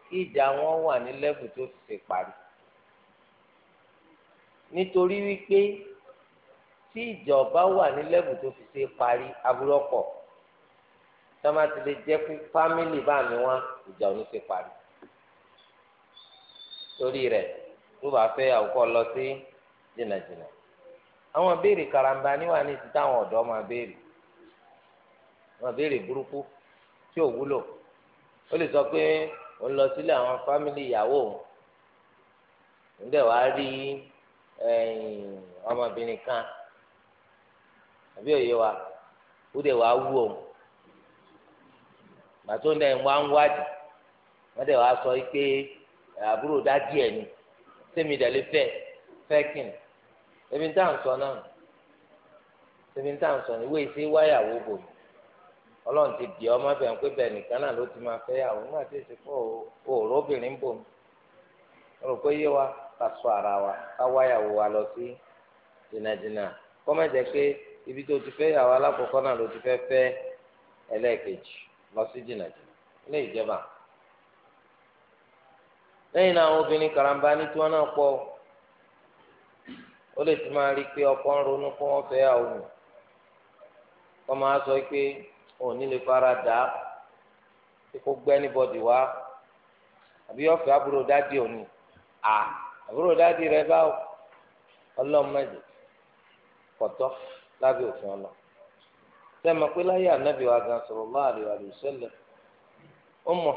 kí ìjà wọn wà ní lẹ́fù tó fi ṣe parí nítorí wípé tí ìjà ọba wà ní lẹ́fù tó fi ṣe parí aburú ọkọ̀ lè jẹ́ pé fámìlì bá mi wá ìjà ò ní ṣe parí. torí rẹ̀ tó bá fẹ́ àwùkọ́ lọ sí jìnnàjìnnà àwọn béèrè karamba níwà ní ti táwọn ọ̀dọ́ máa béèrè béèrè burúkú tí ò wúlò ó lè sọ pé ó ń lọ sílé àwọn fámìlì ìyàwó òun ń dẹ̀ wá rí ọmọbìnrin kan àbí òye wa ó dẹ̀ wá wú òun ń dẹ̀ ń wá ń wọ́n dẹ̀ wá sọ àbúrò dá díẹ̀ ni sẹ́mi ìdẹ̀lẹ́ fẹ́ fẹ́kìn ebi ń tàn sọ náà ebi ń tàn sọ ní bò mí ọlọ́run ti dì ọmọ bẹ̀rẹ̀ pé bẹ̀rẹ̀ nìkan náà ló ti máa fẹ́ yàwó nígbà tí èsì pọ̀ òòrò obìnrin bò mí rò pé yé wa ká sọ ara wa lọ sí pé ibi tó ti fẹ́ yàwó alákọ̀ọ́kọ́ náà ló ti fẹ́ fẹ́ ẹlẹ́ẹ̀kejì lọ sí jìnnàjìnnà ilé ìjẹba. lẹ́yìn náà àwọn obìnrin karamba ní tí wọ́n náà le ó lè ti máa rí i pé ọkọ ń ronú kó wọ́n fẹ́ àwọn òun wọ́n máa sọ pé òun fara dà tí kò gbẹ́ níbọ̀dì wá àbí ọ̀fẹ́ àbúrò dádì òní à àbúrò dádì rẹ báwo ọlọ́mọdé òfin ọlọ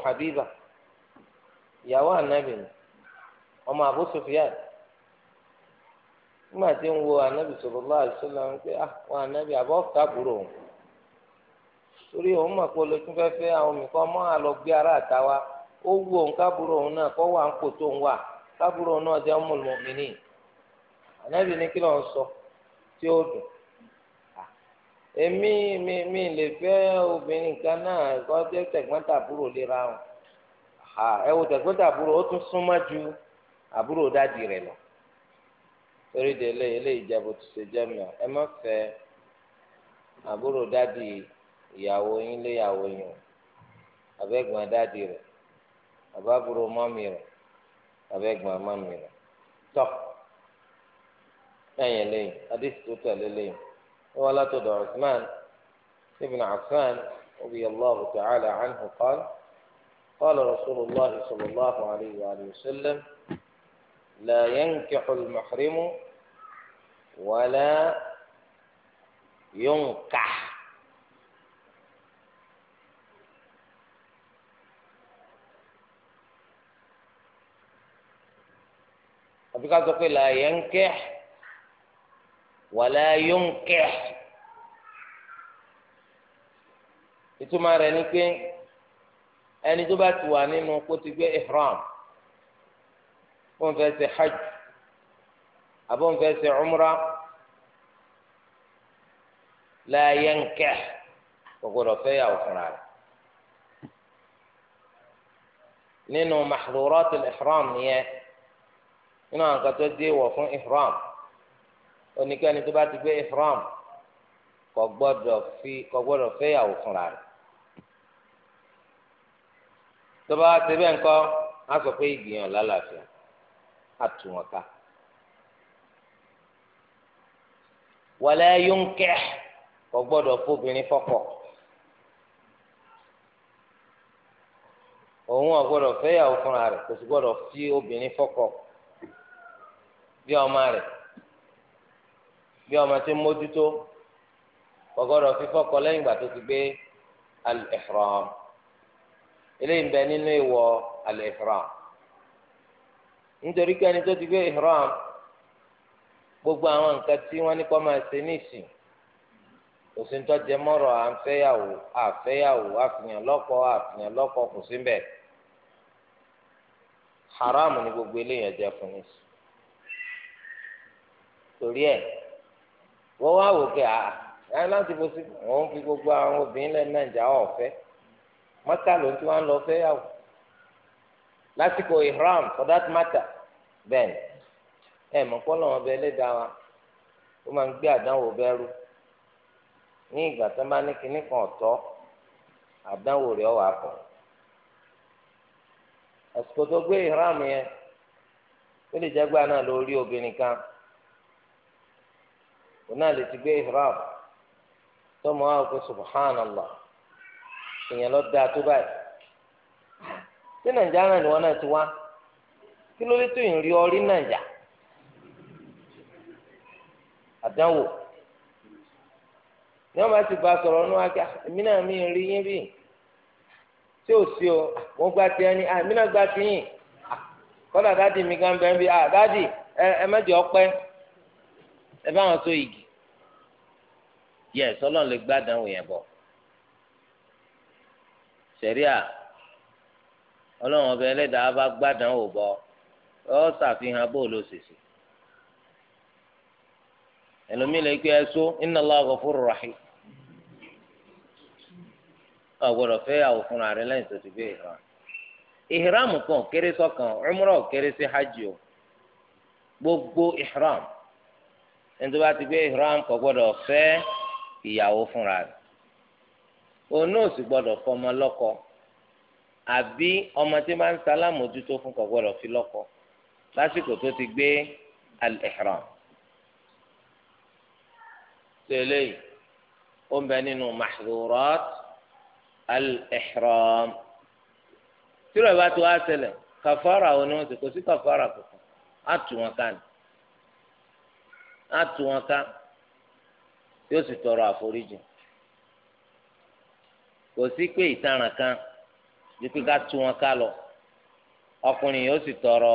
Habiba. ìyàwó ànábì ni ọmọ Abu Sufyan nígbà tí ń wo ànábì sallallahu alaihi wasallam pé àwọn ah, ànábì àbọ̀ kábùrò òun torí òun mọ̀ pé olójú fẹ́fẹ́ àwọn mìkan mọ́ àlọ́ gbé ara àtàwa ó wu òun òun náà kọ́ wà ń kò tó ń wà òun náà jẹ́ ànábì mi mi lè fẹ́ obìnrin kan náà kọ́ jẹ́ tẹ̀gbọ́n tàbúrò ẹ wo tẹ̀gbọ́ntàbúrò ó tún súnmọ́ ju àbúrò dáàdi rẹ̀ lọ torí de eléyìí eléyìí jẹ́ bó ṣe jẹ́ mi ọ́ ẹ má fẹ́ àbúrò dáàdi ìyàwó yín léyàwó yín o abẹ́gbọ̀n dáàdi rẹ̀ àbábúrò mọ́mì rẹ̀ abẹ́gbọ̀n mọ́mì rẹ̀ tọ́ lẹ́yìn eléyìí tó tẹ̀lé lẹ́yìn ó wá látọ̀dọ̀ ta'ala anhu qala. قال رسول الله صلى الله عليه وآله وسلم لا ينكح المحرم ولا ينكح أبي قال تقول لا ينكح ولا ينكح ما رنكي ẹni tó bá ti wà nínú kó ti gbé ihram kó n fẹ́ ṣe hajj àbó n fẹ́ ṣe umra la yankah kò gbọdọ̀ fẹ́ yàwó fúnra rẹ̀ nínú mahdhuratul ihram nìyẹn nínú àwọn kan dé wọ̀ fún ihram oníkẹ́ni tó bá ti gbé ihram kò gbọdọ̀ fi kò gbọdọ̀ fúnra rẹ̀ tọba ti bẹ́ẹ̀ ńkọ́ á sọ pé ìgbìyànjú lálàáfíà á tù wọn ká. wala yunkih kò gbọ́dọ̀ fóbìnrin fọ́kọ. òun ò gbọ́dọ̀ fẹ́yàwó fúnra rẹ̀ kò sì gbọ́dọ̀ fi obìnrin fọ́kọ bí ọmọ rẹ̀ bí ọmọ tí ń mójútó kò gbọ́dọ̀ fi fọ́kọ lẹ́yìn ìgbà tó ti gbé al-ihram. eléyìí ń bẹ nínú ìwọ al-ihram nítorí pé ẹni tó ti gbé gbogbo àwọn nǹkan tí wọ́n ní kó máa ṣe nísìn jẹ mọ́rọ̀ à àfẹ́yàwó àfihàn àfihàn haram ni gbogbo eléyìí ẹ̀jẹ̀ fún torí ẹ̀ wọ́n wá wò láti bó sí wọ́n fi gbogbo àwọn obìnrin lẹ́nu náà jà ọ̀fẹ́ mọ́tà ló ń tí wọ́n lọ fẹ́yàwó lásìkò ihram for that matter bẹ́ẹ̀ ẹ̀ mọ̀ kọ́lọ̀ wọn bẹ ẹlẹ́dàá wa ó máa ń gbé àdánwò bẹ́rù ní ìgbà tó bá ní kinní kan àdánwò rẹ̀ wà pọ̀ àsìkò tó gbé ihram yẹn ó lè jẹ́gbà náà lórí obìnrin kan òun náà lè ti gbé ihram tó mọ́ subhanallah. èèyàn lọ da tó báyìí ṣé nàìjíríà ni wọn náà ti wá kí ló dé tó yìn rí ọrí nàìjà àdánwò ni wọn bá ti bá sọ̀rọ̀ ọnú wa èmi náà mi rí yín bí tí ò sí o mo gba tiẹ̀ ni èmi náà gba tiyín kọ́dà dáàdì mi gan bẹ́ẹ̀ bí dáàdì ẹ mẹ́jọ ọpẹ́ ẹ bá wọn so igi yẹ sọlọ́n lè gbádùn àwọn yẹn bọ̀. sẹ̀ríà ọlọ́run ọbẹ̀ ẹlẹ́dàá bá gbádàn ò bọ̀ ọ sàfihàn bóòlù òṣèṣì ẹlòmíì lè gbé ẹṣó inna Allaha fẹ́ fúnra rẹ lẹ́yìn tó ti gbé kan kéré sọ́kan umrah kéré sí hajj o gbogbo ìhram ẹni tó bá ti gbé òun náà sì gbọ́dọ̀ fọmọ lọ́kọ àbí ọmọ tí máa ń sálámójútó fún kò gbọ́dọ̀ fi lọ́kọ lásìkò tó ti gbé al-ihram tẹ́lẹ̀ yìí ó ń bẹ nínú mahdurat al-ihram ìbá tó wá ṣẹlẹ̀ kàfàrà òun ni kò sí kàfàrà kankan á tù wọn ká ni á tù wọn ká yóò sì tọrọ àforíjì. kò sí pé ìtaràn kan ju pé ká wọn ká lọ ọkùnrin yóò sì tọrọ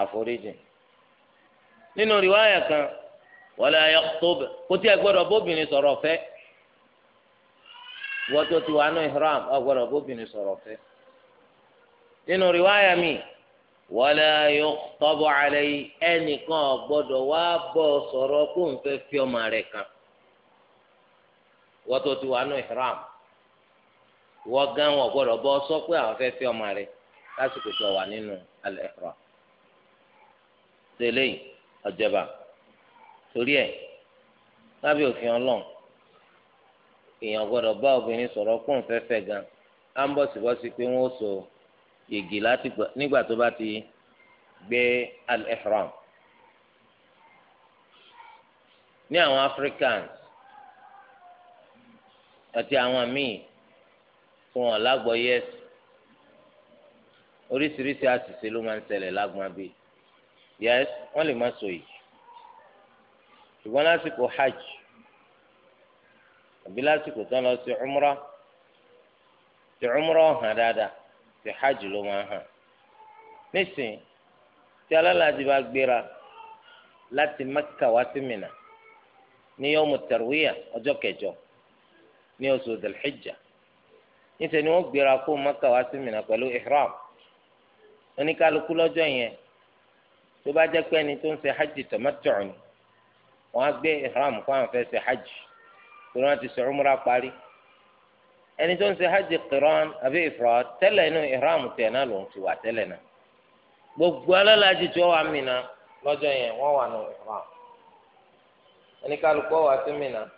àforíjì nínú kan wọlé ayọ tóbi kó tí ẹ gbọ́dọ̀ bóbìnrin sọ̀rọ̀ fẹ́ wọ́n tó ní ọ gbọdọ bóbìnrin sọrọ fẹ́ nínú mi wọlé ayọ tọbọ alẹ yìí ẹnìkan wá bọ kó n fi kan wọ́n tó wọ́n gán wọn gbọ́dọ̀ bọ́ sọ pé àwọn fẹ́ fi ọmọ rẹ lásìkò tó wà nínú al-ihram tẹ́lẹ̀ ọ̀jọba torí ẹ̀ lábẹ́ òfin ọlọ́run èèyàn gbọ́dọ̀ bá obìnrin sọ̀rọ̀ kún fẹ́fẹ́ gan á ń bọ̀sibọ́sí pé wọ́n ó so yègì láti nígbà tó bá ti gbé al-ihram ní àwọn africans àti àwọn míì fún wọn lágbọ̀ọ́yé ẹ̀sìn oríṣiríṣi àṣìṣe ló máa ń ṣẹlẹ̀ lágbọ̀n bí yẹs wọ́n lè má sọ yìí ṣùgbọ́n lásìkò hajj àbí lásìkò tán lọ sí tí hàn dáadáa tí hajj ló máa hàn nísìnyí tí alálàájì bá gbéra láti Mẹ́kà wá sí ní níṣẹ́ ni wọ́n gbéra kó mọ́kà wá sí mìíràn ihram oníkálukú lọ́jọ́ yẹn tó bá jẹ́ pé ẹni tó ń ṣe hajj tamattu' ni wọ́n á gbé ihram kó àwọn fẹ́ ṣe ti ṣe umra parí ẹni tó ń ṣe hajj abu àbí ifrad tẹ́lẹ̀ inú ihram tẹ̀ náà lòun ti wà tẹ́lẹ̀ náà gbogbo alálàájì tí wọ́n wà mìíràn yẹn wà nù ihram oníkálukú wà sí mìíràn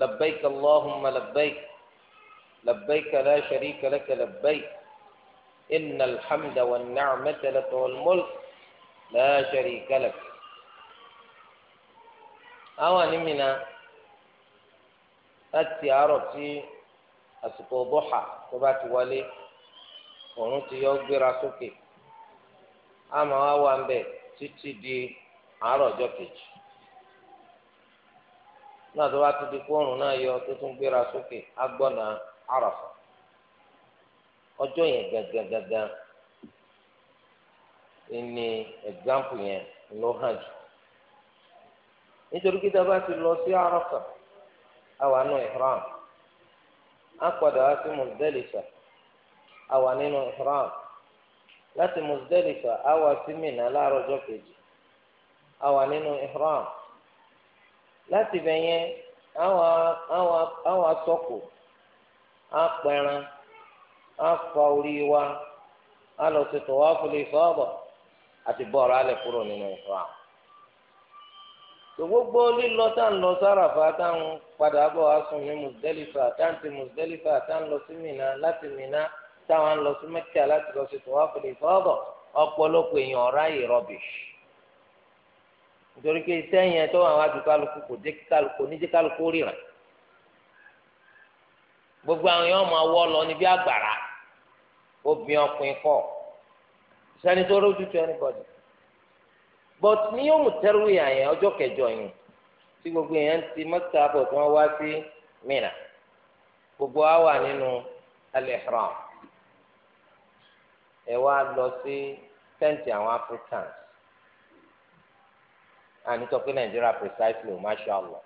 labbaik لبيك لا شريك لك لبيك إن الحمد والنعمة لك والملك لا شريك لك àwọn ànímìnà láti àárọ̀ tí àsìkò bọ́hà tó bá ti wọlé òun ti yọ gbéra sókè àmọ́ wá wà ń bẹ̀ títí di àárọ̀ ọjọ́ kejì náà tó bá ti di kóòrùn náà yọ tó tún gbéra sókè agbọ́nà Àrafà ọjọ́ yẹn gangan ní ẹ̀gbáǹpù yẹn ló hàn jù nítorí kí dábàá ti lọ sí Àrafà àwa nù ihram á wá sí Muzdalifa àwa nínú ihram láti Muzdalifa àwa sí Mínà láàárọ̀ ọjọ́ kejì àwa nínú láti àwa àwa àwa apẹran afọ orí wa alọsẹtọ ha fúnlẹ sọọbọ àti bọọrọ alẹ kúrò nínú ìfọ àwọn gbogbo lílọ tá ń lọ sáràfà tá ń padà bọ̀ wá ní Muzdalifa tá ń ti tá ń lọ sí Mina láti Mina táwọn ń lọ sí Mẹ́kà láti lọ sí tòwáfìlì fọ́ọ̀bọ̀ ọ̀pọ̀lọpọ̀ èèyàn ọ̀rá yìí nítorí pé iṣẹ́ yẹn tó kò ní jẹ́ kálukú gbogbo àwọn yẹn ọmọ awọ lọ níbi àgbàrá obìnrin ọkùnrin kọ sẹni tó rójú tó ẹnìbọdì but ní yóò mú tẹrù yà yẹn ọjọ́ kẹjọ yìí tí gbogbo yẹn ti mọta bọ tí wọn wá sí Mínà gbogbo wa wà nínú al ẹ wá lọ sí tẹ́ǹtì àwọn Africans àní pé Nàìjíríà precisely masha Allah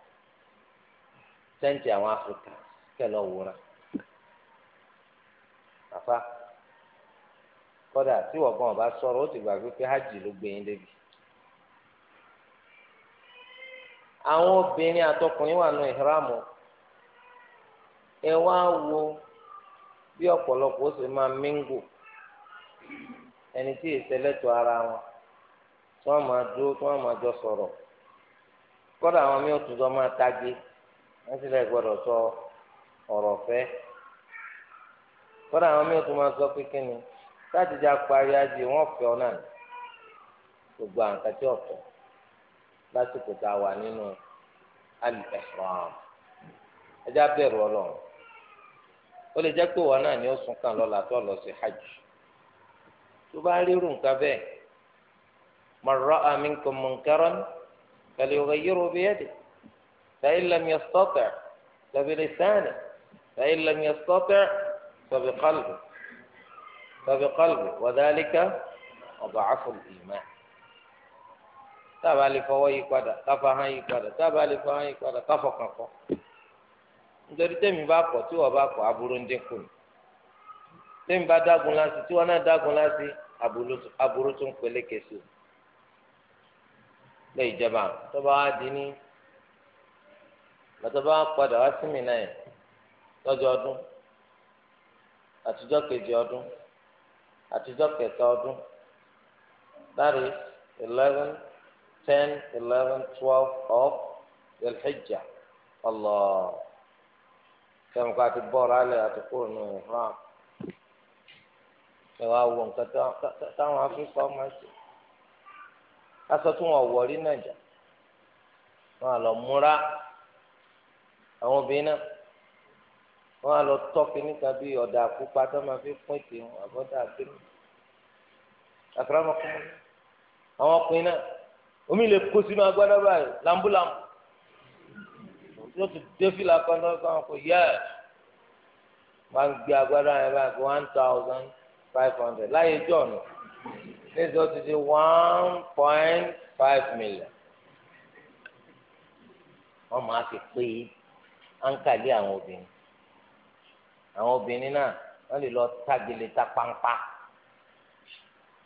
tẹ́ǹtì àwọn Africans kẹlẹ́ òwúrọ̀ àfa kódà tí wọ́n ọba sọrọ ó ti gbàgbé pé hajj ló gbé yín débi. àwọn obìnrin àtọkùnrin wà nù wo bí ọpọlọpọ ó sì máa mingo ẹni tí ara wọn tí wọ́n máa dúró tí kọda máa jọ sọ̀rọ̀ àwọn tún tagi sì lè sọ ọrọ kọ́dà àwọn míì tó máa sọ pé kí ni láti já parí ajé wọ́n fẹ́ ọ náà gbogbo àǹkà tí ọ̀pọ̀ lásìkò tá a wà nínú al-ihram bẹ̀rù ọlọ́run ó lè jẹ́ pé wọn náà ni ó sùn kàn lọ́la tó lọ sí hajj tó bá rírun nǹkan bẹ́ẹ̀ man ra'a minkum munkaran falyughayyiru biyadihi fa in lam yastati' fa bilisanihi fa in lam yastati' فبقلبه فبقلبه وذلك أضعف الإيمان tába lè fọwọ́ yí padà káfa hàn yí padà tába lè nítorí tẹ́mi bá kọ̀ tí wọ́n bá kọ̀ aburú ń dínkù ni tẹ́mi bá dágun láti tí wọ́n náà dágun láti aburú tó peléke sí o lé ìjọba tọ́ba wa di ní lọ́tọ́ padà wá sí mi náà ọdún. àtijọ́ kejì ọdún àtijọ́ kẹta ọdún that is eleven ten eleven twelve of Dhul-Hijjah Allah sẹ́wọ̀n àti bọ́ọ̀rù alẹ́ àti kúrò ní ìhàn ẹ wá wọ nǹkan táwọn afínkọ́ máa ń ṣe aṣọ tí wọn wọ̀ rí nàìjà wọn àlọ́ múra àwọn obìnrin náà wọn á lọ tọ́kì níta bí ọ̀dà àkópa tó máa fi pín tì wọn àbọ̀dà àgbẹ̀mí àkàràmọ́kùnrin àwọn ọkùnrin náà omi lè kó sínú agbádá báyìí làǹbùlàǹbù yóò tún dé fìlà kan náà kó yẹ ẹ máa ń gbé agbádá yẹn báyìí one thousand five hundred láyé jọ̀ọ̀nù níṣẹ́ ó ti di one point five million wọ́n máa fi pé àǹkàlẹ́ àwọn obìnrin àwọn obìnrin náà wọ́n lè lọ tágìlì ta pampa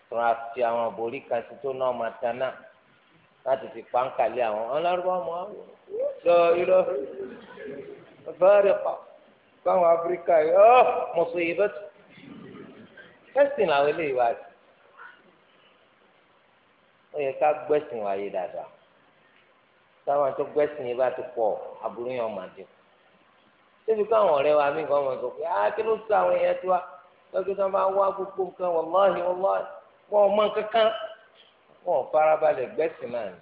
tọ́ra fi àwọn àbórí kan sí tó náà máa ta náà láti fi pàǹkà lé àwọn ọlọ́run ọmọ lọ irọ́ fẹ́ẹ́rẹ́ pa fáwọn áfíríkà yìí ọ́ mọ̀sọ̀ yìí bẹ́ẹ̀ tó fẹ́sìn làwọn eléyìí wá sí ó yẹ ká gbẹ́sìn wáyé dáadáa táwọn tó gbẹ́sìn yìí bá ti pọ̀ aburú yẹn ọmọ àdínkù débi kó àwọn ọ̀rẹ́ wa mí kan mọ̀ sọ pé á ah, kí ló sọ àwọn èèyàn tiwa lọ́jọ́ tó bá wá gbogbo nǹkan wàláhì wàláhì wọn ò mọ kankan wọn farabalẹ̀ gbẹ́sìn náà ni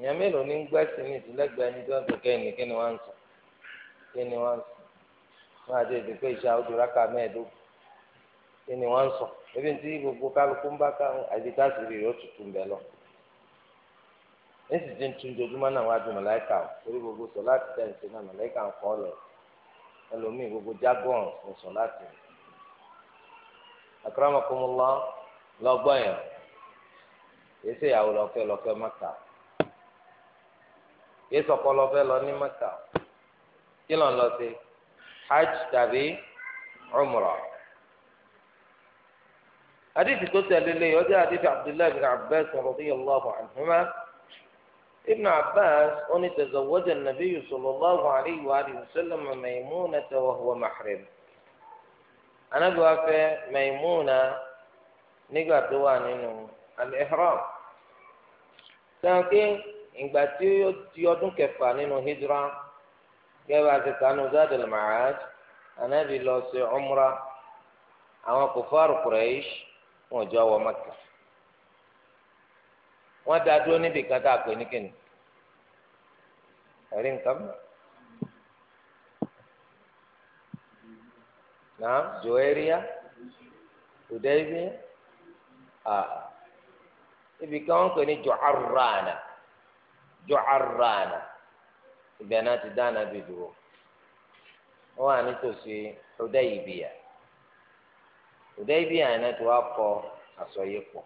èèyàn mélòó ní gbẹ́sìn ní ìtìlẹ́gbẹ̀ẹ́ ní tí wọ́n sọ kẹ́ni kí ni wọ́n ń sọ kí ni wọ́n ń sọ wọn àti èdè pé ìṣe àwọn òdòrákà mẹ́ẹ̀ẹ́dógún kí ni wọ́n ń sọ ebi ní ti gbogbo kálukú ń bá káwọn àdìgá sì rí yóò tuntun bẹ́ẹ̀ lọ ní sì ti ń tún jojúmọ́ náà wá ju mọ̀láìkà o torí gbogbo sọ láti tẹ̀ ń ṣe náà mọ̀láìkà ń kọ́ ẹlòmíì gbogbo jágọ̀n ní sọ láti rẹ̀ akaramakomola lọ́gbọ́n yẹn yẹsẹ ìyàwó lọfẹ lọfẹ maka yẹsẹ ọkọ lọfẹ lọ ní maka kí lọ lọ sí hajj tàbí umrah hadith tó tẹ̀lé lé ọjọ́ hadith abdullahi bin abbas radiyallahu anhuma. ابن عباس أن تزوج النبي صلى الله عليه وآله وسلم ميمونة وهو محرم أنا جوافة ميمونة نقعد دوانين الإحرام لكن ìgbà tí ó di ọdún kẹfà nínú hijra gẹ́gẹ́ bá ti kanu zadal ma'aj anabi lọ sí umra àwọn kòfàrù Quraysh wọn jọ wọ Mẹ́kà wọ́n dá dúró níbi kan tá a pè ní kíni ẹ̀rí nǹkan mọ́. naam joeria udaibi ah ibi kan wọ́n pè ní jọ̀árànà jọ̀árànà ibẹ̀ náà ti dáná bí dúró wọ́n wà nítòsí udaibiya udaibiya náà ti wá kọ àsọyé pọ̀.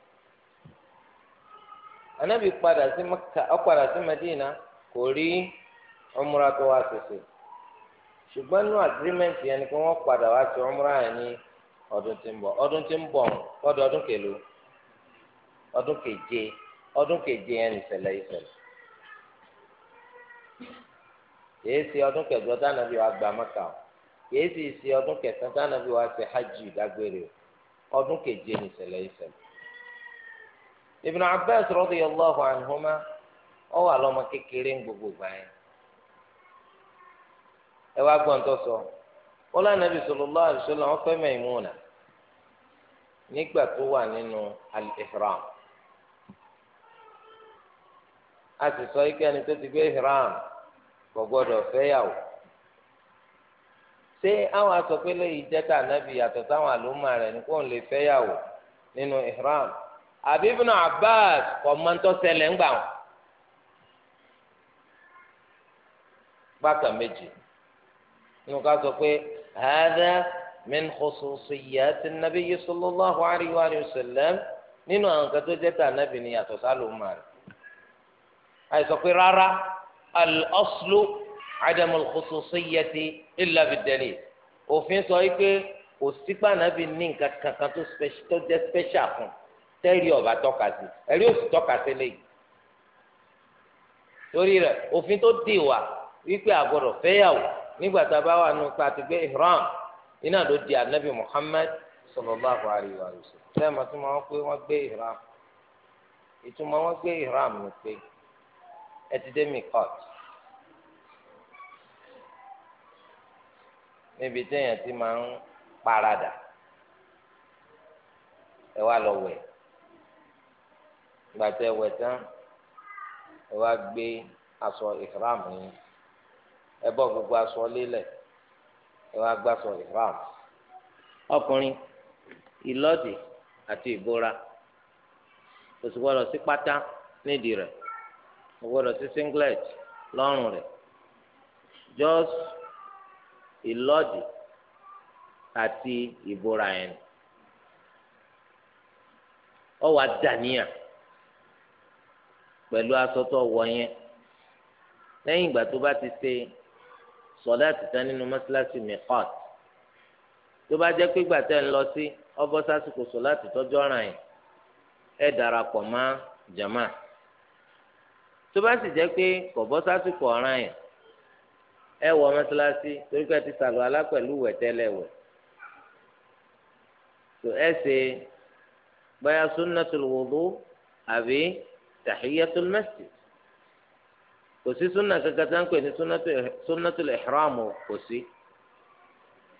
anabi padà sí maka ọ̀padà sí medina kò rí ọmúra tó wá ṣùgbọ́n agreement yẹn ni pé wọ́n padà wá sí ọmúra yẹn ní ọdún tí ń bọ̀ ọdún tí keje ọdún keje yẹn ní ìṣẹ̀lẹ̀ ìṣẹ̀lẹ̀ kìí ṣe maka o kìí ṣe ọdún kẹsàn wa ṣe hajj dágbére o Ibn Abbas radiyallahu anhuma ó wà lọ́mọ kékeré ń gbogbo gbà yẹn ẹ wá gbọ́n tó sọ ó lánàbì sallallahu alaihi wasallam ó fẹ́ Maimuna nígbà tó wà nínú a sì sọ ike ẹni tó ti gbé ihram kò gbọdọ̀ fẹ́yàwó ṣé àwọn yàtọ̀ sáwọn àlùmọ́ rẹ̀ ń ihram. àbí Ibn Abbas ọmọntọ́sẹlẹ̀ ń gbà wọn. bákan méjì nínú ká sọ pé hadha min khususiyyati nabiyyi sallallahu alayhi wa sallam nínú àwọn kan tó jẹ́ tà nábì ni yàtọ̀ sálùmọ́ rẹ̀ àìsọ pé rárá al-aslu adamul khususiyyati illa bid-dalil òfin sọ yìí pé kò sípà nábì ní nǹkan kankan tó jẹ́ special fún un tẹ́rì ọ̀bá tọ́ka sí ẹ̀rí òsì tọ́ka sí léyìí torí rẹ̀ òfin tó dè wá wípé àgọ́dọ̀ fẹ́yàwó nígbà tá a bá wà nípa àti gbé ihram iná ló di anabi Muhammad sallallahu alaihi wa sallam sẹ́yìn máa tún máa pé wọ́n gbé ihram ìtumọ̀ wọ́n gbé ihram ni pé ẹ ti dé mikot níbi téèyàn ti máa ń paradà ẹ wá lọ wẹ̀ gbàtẹ wẹ̀ tán ẹ wá gbé aṣọ ìhram yín ẹ bọ́ gbogbo aṣọ lélẹ̀ ẹ wá gbé aṣọ ìhram ọkùnrin ìlọ́dì àti ìbora kò sì gbọdọ̀ sí pátá nídìí rẹ̀ kò sí singlet lọ́rùn rẹ̀ just ìlọ́dì àti ìbora yẹn ó wá dàníyàn pẹ̀lú aṣọ tó wọ̀ yẹn lẹ́yìn ìgbà tó bá ti ṣe sọ̀dá tìta nínú mọ́ṣáláṣí miqat tó bá jẹ́ pé ìgbà tẹ́ ń lọ sí ọbọ̀ sásìkò sọ̀dá tìtọ́jọ́ ràn yẹn ẹ darapọ̀ mọ́ jama tó bá sì jẹ́ pé kọ̀bọ́ sásìkò ọ̀ràn yẹn ẹ wọ mọ́ṣáláṣí torí pé ti sàlù alá wẹ̀ tẹ́lẹ̀ wẹ̀ ẹ ṣe báyà sunnatul wudu àbí tahiyatul masjid kò sí súnà kankan tá à ń pè ní súnàtul ihram o kò sí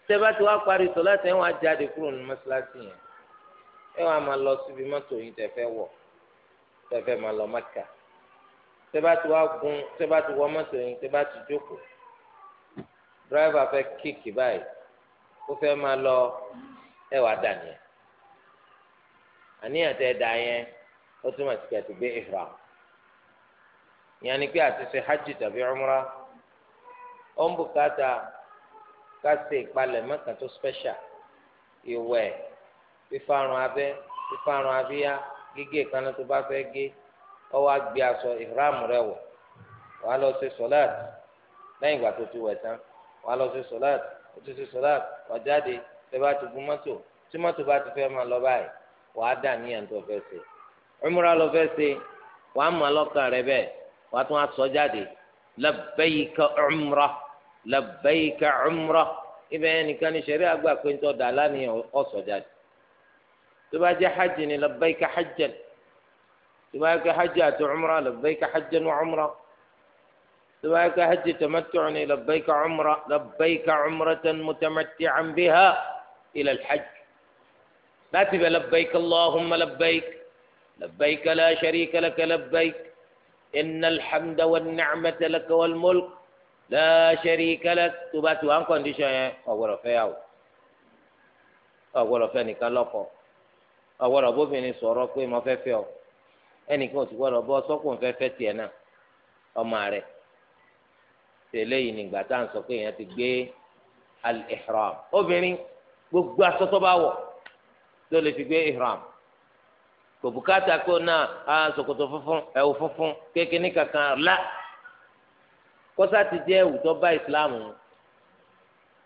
tẹ́bá tí wàá parí sọ láti ẹ̀wọ̀n ajáde kúrò ní mọ́ṣáláṣí yẹn ẹ̀wọ̀n a máa lọ síbi mọ́tò yìí tẹ̀fẹ́ wọ̀ tẹ̀fẹ́ máa lọ Mẹ́kà tẹ́bá tí wàá gun tẹ́bá tí wọ́ mọ́tò yìí tẹ́bá tí jókòó dírẹ́fà fẹ́ kíkì báyìí ó fẹ́ máa lọ ẹ̀wọ̀n adànìyàn àníyàn tẹ́ da yẹn ó túmọ̀ sí kẹ́tù gbé ihram ìyẹn ni pé àti ṣe hajj tàbí umra ó ń bùkátà ká ṣe ìpalẹ̀ mẹ́ta tó special ìwẹ̀ fífarun abẹ́ fífarun abíyá gígé ìkànnì tó bá fẹ́ gé ó wá gbé aṣọ ihram rẹ̀ wọ̀ wà á lọ ṣe sọ́láàt lẹ́yìn ìgbà tó ti wẹ̀ tán wà á lọ ṣe sọ́láàt ó ti ṣe sọ́láàt wà jáde tẹ́ bá ti gun mọ́tò tí mọ́tò bá ti fẹ́ máa lọ báyìí wà á dà níyàn tó fẹ́ ṣe. ɛmúra lọ fẹ́ ṣe wàá mọ alọ́kàn rẹ bẹ́ẹ̀ wàá tún aṣọ jáde labbaika umra labbaika umra ibẹ̀ yẹn nìkan ni sẹ́rí àgbà pé ń tọ́ da lánìyàn ọ̀sọ̀ jáde tó bá jẹ́ hajj ni labbaika hajjan tó bá jẹ́ hajj àti umra labbaika hajj ni ɛmúra tó bá jẹ́ hajj tamattu ni labbaika umra labbaika umratan mutamatti'an biha ila al-hajj láti bẹ̀ labbaika allahumma labbaika. لبيك لا شريك لك لبيك إن الحمد والنعمة لك والملك لا شريك لك تبات وان كونديشن اورا فياو اورا فاني كالوكو اورا بو فيني سورو كو ما فيفيو اني كون سورا بو سوكو ان فيفي تي انا اماري تيلي ني غاتا ان سوكو يان تي غي الاحرام او فيني بو غاتا توباو تولي في غي احرام kò bùkátà kó náà á ṣòkòtò funfun ẹ̀wù funfun kékeré kankan la kọsá ti jẹ́ ẹ̀wù tó bá islam mu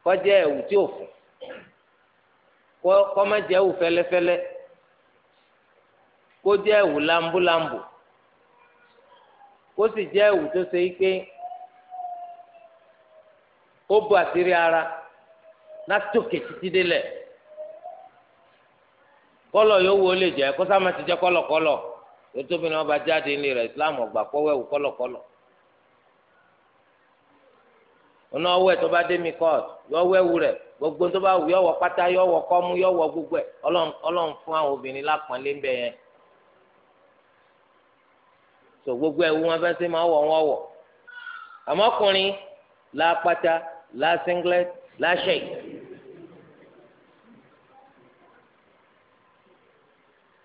kọjá ẹ̀wù tí ò fún kọ ẹ̀wù jẹ́ ẹ̀wù lambúlambù kó sì jẹ́ tó ṣe ó bu ara látòkè kọlọ yóò wo lè jẹ kó sáà má ti jẹ kọlọkọlọ tó tóbi náà bá jáde ní rẹ islam ọgbà pọwẹwù kọlọkọlọ ọ̀nà ọwọ́ ẹ̀ tó bá dé mi kọ́ọ̀t yọ wẹ́wù rẹ̀ gbogbo tó bá wù yọ wọ pátá yọ wọ kọ́mú yọ wọ gbogbo ẹ̀ ọlọ́run fún àwọn obìnrin lápọ̀nlé ńbẹ yẹn tó gbogbo ẹ̀wù wọn fẹ́ máa wọ̀ wọ́n wọ̀ àmọ́kùnrin la pátá la singlet la sheik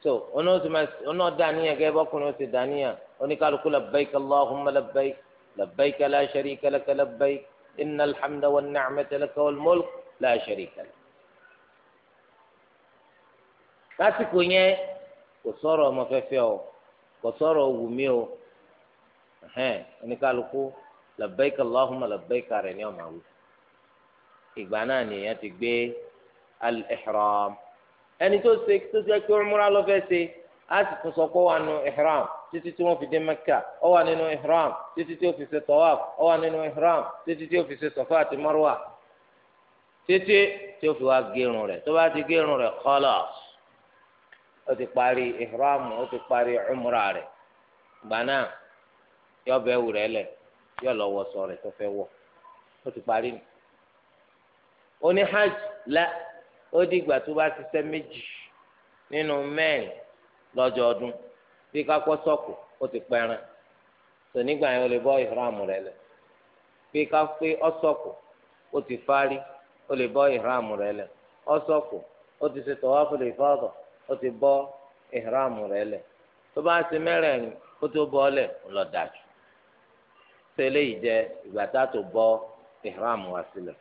so ono ó sì máa ọ̀nà dàníyàn gẹ́gẹ́ bọ́kùnrin ó sì dàníyàn oníkálukú labbaik allahumma labbaik labbaik la la ka sari sharika laka labbaik innal hamda wan ni'mata laka wal mulk la sharika lak. lásìkò yẹn kò sɔrɔ ma fɛ fɛ o kò sɔrɔ sọ̀rọ̀ òwú mi o oníkálukú labbaik allahumma labbaik rẹ̀ ní ma wù. ìgbà náà ya ti gbé al-ihram. ẹni tó ṣe tó ṣe pé umrah ló fẹ́ ṣe á sì tún sọ wà nínú ihram títí tí wọ́n fi dé mẹ́kà ó wà nínú ihram títí tí ó fi ṣe tawaf ó wà nínú ihram títí tí ó fi ṣe sọfà àti marwa títí tí ó fi wá gérun rẹ̀ tó bá ti gérun rẹ̀ khalas ó ti parí ihram ó ti parí umrah rẹ̀ gbaná yọ bẹ wù rẹ lẹ yọ lọ wọ sọ rẹ tó ó ti parí oní hajj la. ó dìgbà tó bá ṣiṣẹ́ méjì nínú mẹ́rin lọ́jọ́ ọdún bí kápọ́ sọ́kù ó ti pẹ́ran tò nígbà yẹn ó lè bọ́ ìhram rẹ̀ lẹ̀ bí kápẹ́ ọ́sọ́kù ó ti fárí ó lè bọ́ ìhram rẹ̀ lẹ̀ ọ́sọ́kù ó ti ṣe tọ́wáfù lè fọ́ọ̀dọ̀ ó ti bọ́ ìhram rẹ̀ lẹ̀ tó bá ṣe mẹ́rẹ̀ẹ̀rin ó tó bọ́ lẹ̀ ńlọ́dàjù tẹ́lẹ̀ yìí jẹ́ ìgbà tá a tó bọ́ ìhram wa sílẹ̀.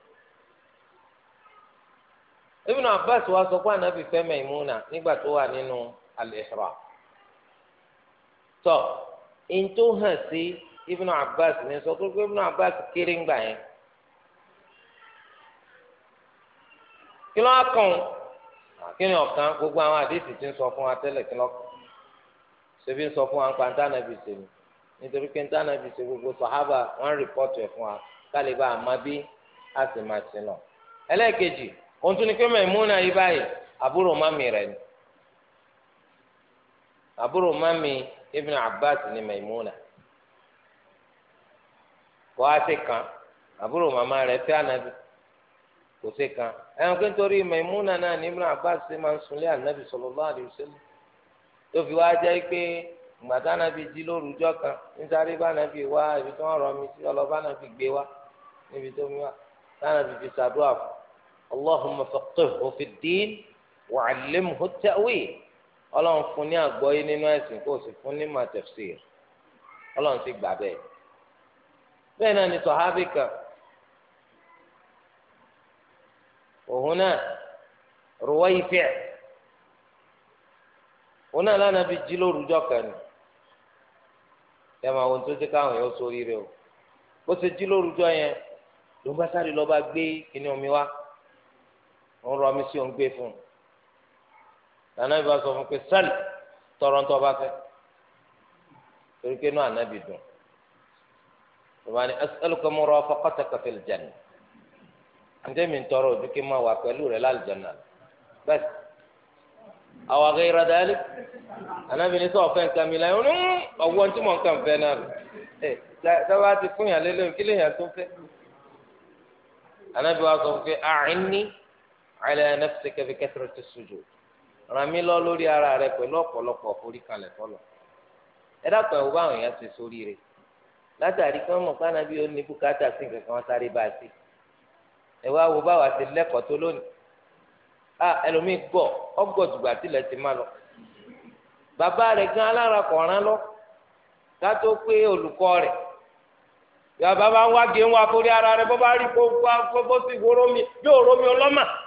Ibn Abbas wa sọ pé ànábì fẹ́ Maimuna nígbà tó wà nínú al-ihram tọ ẹni tó hàn sí Ibn Abbas ní sọ pé Ibn Abbas kéré ńgbà yẹn kí ló ń kàn kí ni ọ̀kan gbogbo àwọn àdéhìsì ti ń sọ fún wa tẹ́lẹ̀ kí ló kàn ṣebí ń sọ fún wa ń pa ntá nàbì ṣe ni nítorí pé ntá nàbì ṣe gbogbo sàhábà wọ́n rìpọ́tù ẹ̀ fún wa kálíbà àmọ́ bí a sì máa ṣe lọ ẹlẹ́ẹ̀kejì òun tún ní pé Maimuna yìí báyìí àbúrò mami rẹ̀ ni àbúrò mami Ibn Abbas ni Maimuna kò á ṣe kan àbúrò màmá rẹ̀ fẹ́ ànábì kò ṣe kan ẹ̀wọ̀n kí n torí Maimuna náà ní Ibn Abbas ṣe máa ń sunlé ànábì sallallahu alaihi wasallam tó fi wá jẹ́ pé gbàtà ànábì jí lórúkọ kan nítorí bá wá ibi tí wọ́n rọ mi sí ọlọ́ba ànábì gbé wá níbi tó mi wá táwọn fi ṣàdúrà fún اللهم فقهه في الدين وعلمه التأويل ọlọ́run fún ní àgbọ́yé nínú ẹ̀sìn kó o sì fún ní máa tafsir ọlọ́run sì gbà bẹ́ẹ̀ bẹ́ẹ̀ náà ni sọ̀hábì kan òun náà Ruwayfi' òun náà lánàá fi jí lórúkọ kan ni ẹ máa wo ní tó ṣe káwọn yóò sórí rẹ o bó ṣe jí lórúkọ yẹn ló ń bá sáré lọ́ọ́ bá gbé kíní omi wá òun rọ mi sí òun gbé fún un nànà ìbá sọ fún pé sẹ́lì tọrọ ń tọ́ bá fẹ́ torí pé inú ànábì dùn ìwà ni as'aluka murafaqataka fil janna ǹjẹ́ mi ń tọrọ ojú kí n máa wà pẹ̀lú rẹ̀ lálùjánnà bẹ́ẹ̀ àwọn akẹ́yìn radaali ànábì ní sọ̀fẹ́ nǹkan mi láyé ọ̀nù hm, ọ̀wọ́ tí mò ń kàn fẹ́ náà ẹ̀ dábàá ti fún yàn lélẹ́yìn kí lè yàn tó fẹ́ ànábì wa sọ fún pé àìní ala nafsika bi kathrati sujud ràn mí lọ lórí ara rẹ pẹ̀lú ọ̀pọ̀lọpọ̀ foríkalẹ̀ fọlọ ẹ dàpọ̀ ẹ̀wọ́ báwọn èèyàn ṣe sórí rẹ látàrí kí wọ́n mọ̀ pé anábì ó ní bùkátà sí nǹkan kan sáré bá a sí ẹ̀wọ́ àwọ̀ báwa ti lẹ́kọ̀ọ́ tó lónìí a ẹlòmíì gbọ́ ọgbọ́ dùgbà tilẹ̀ ti má lọ bàbá rẹ̀ gan alára kọ̀ọ̀rán lọ ká tó pé olùkọ́ rẹ̀ yàrá bàbá wa gé wọn àforí ara rẹ bó bá rí kó bó sì wo rómi yóò rómi ọlọ́mà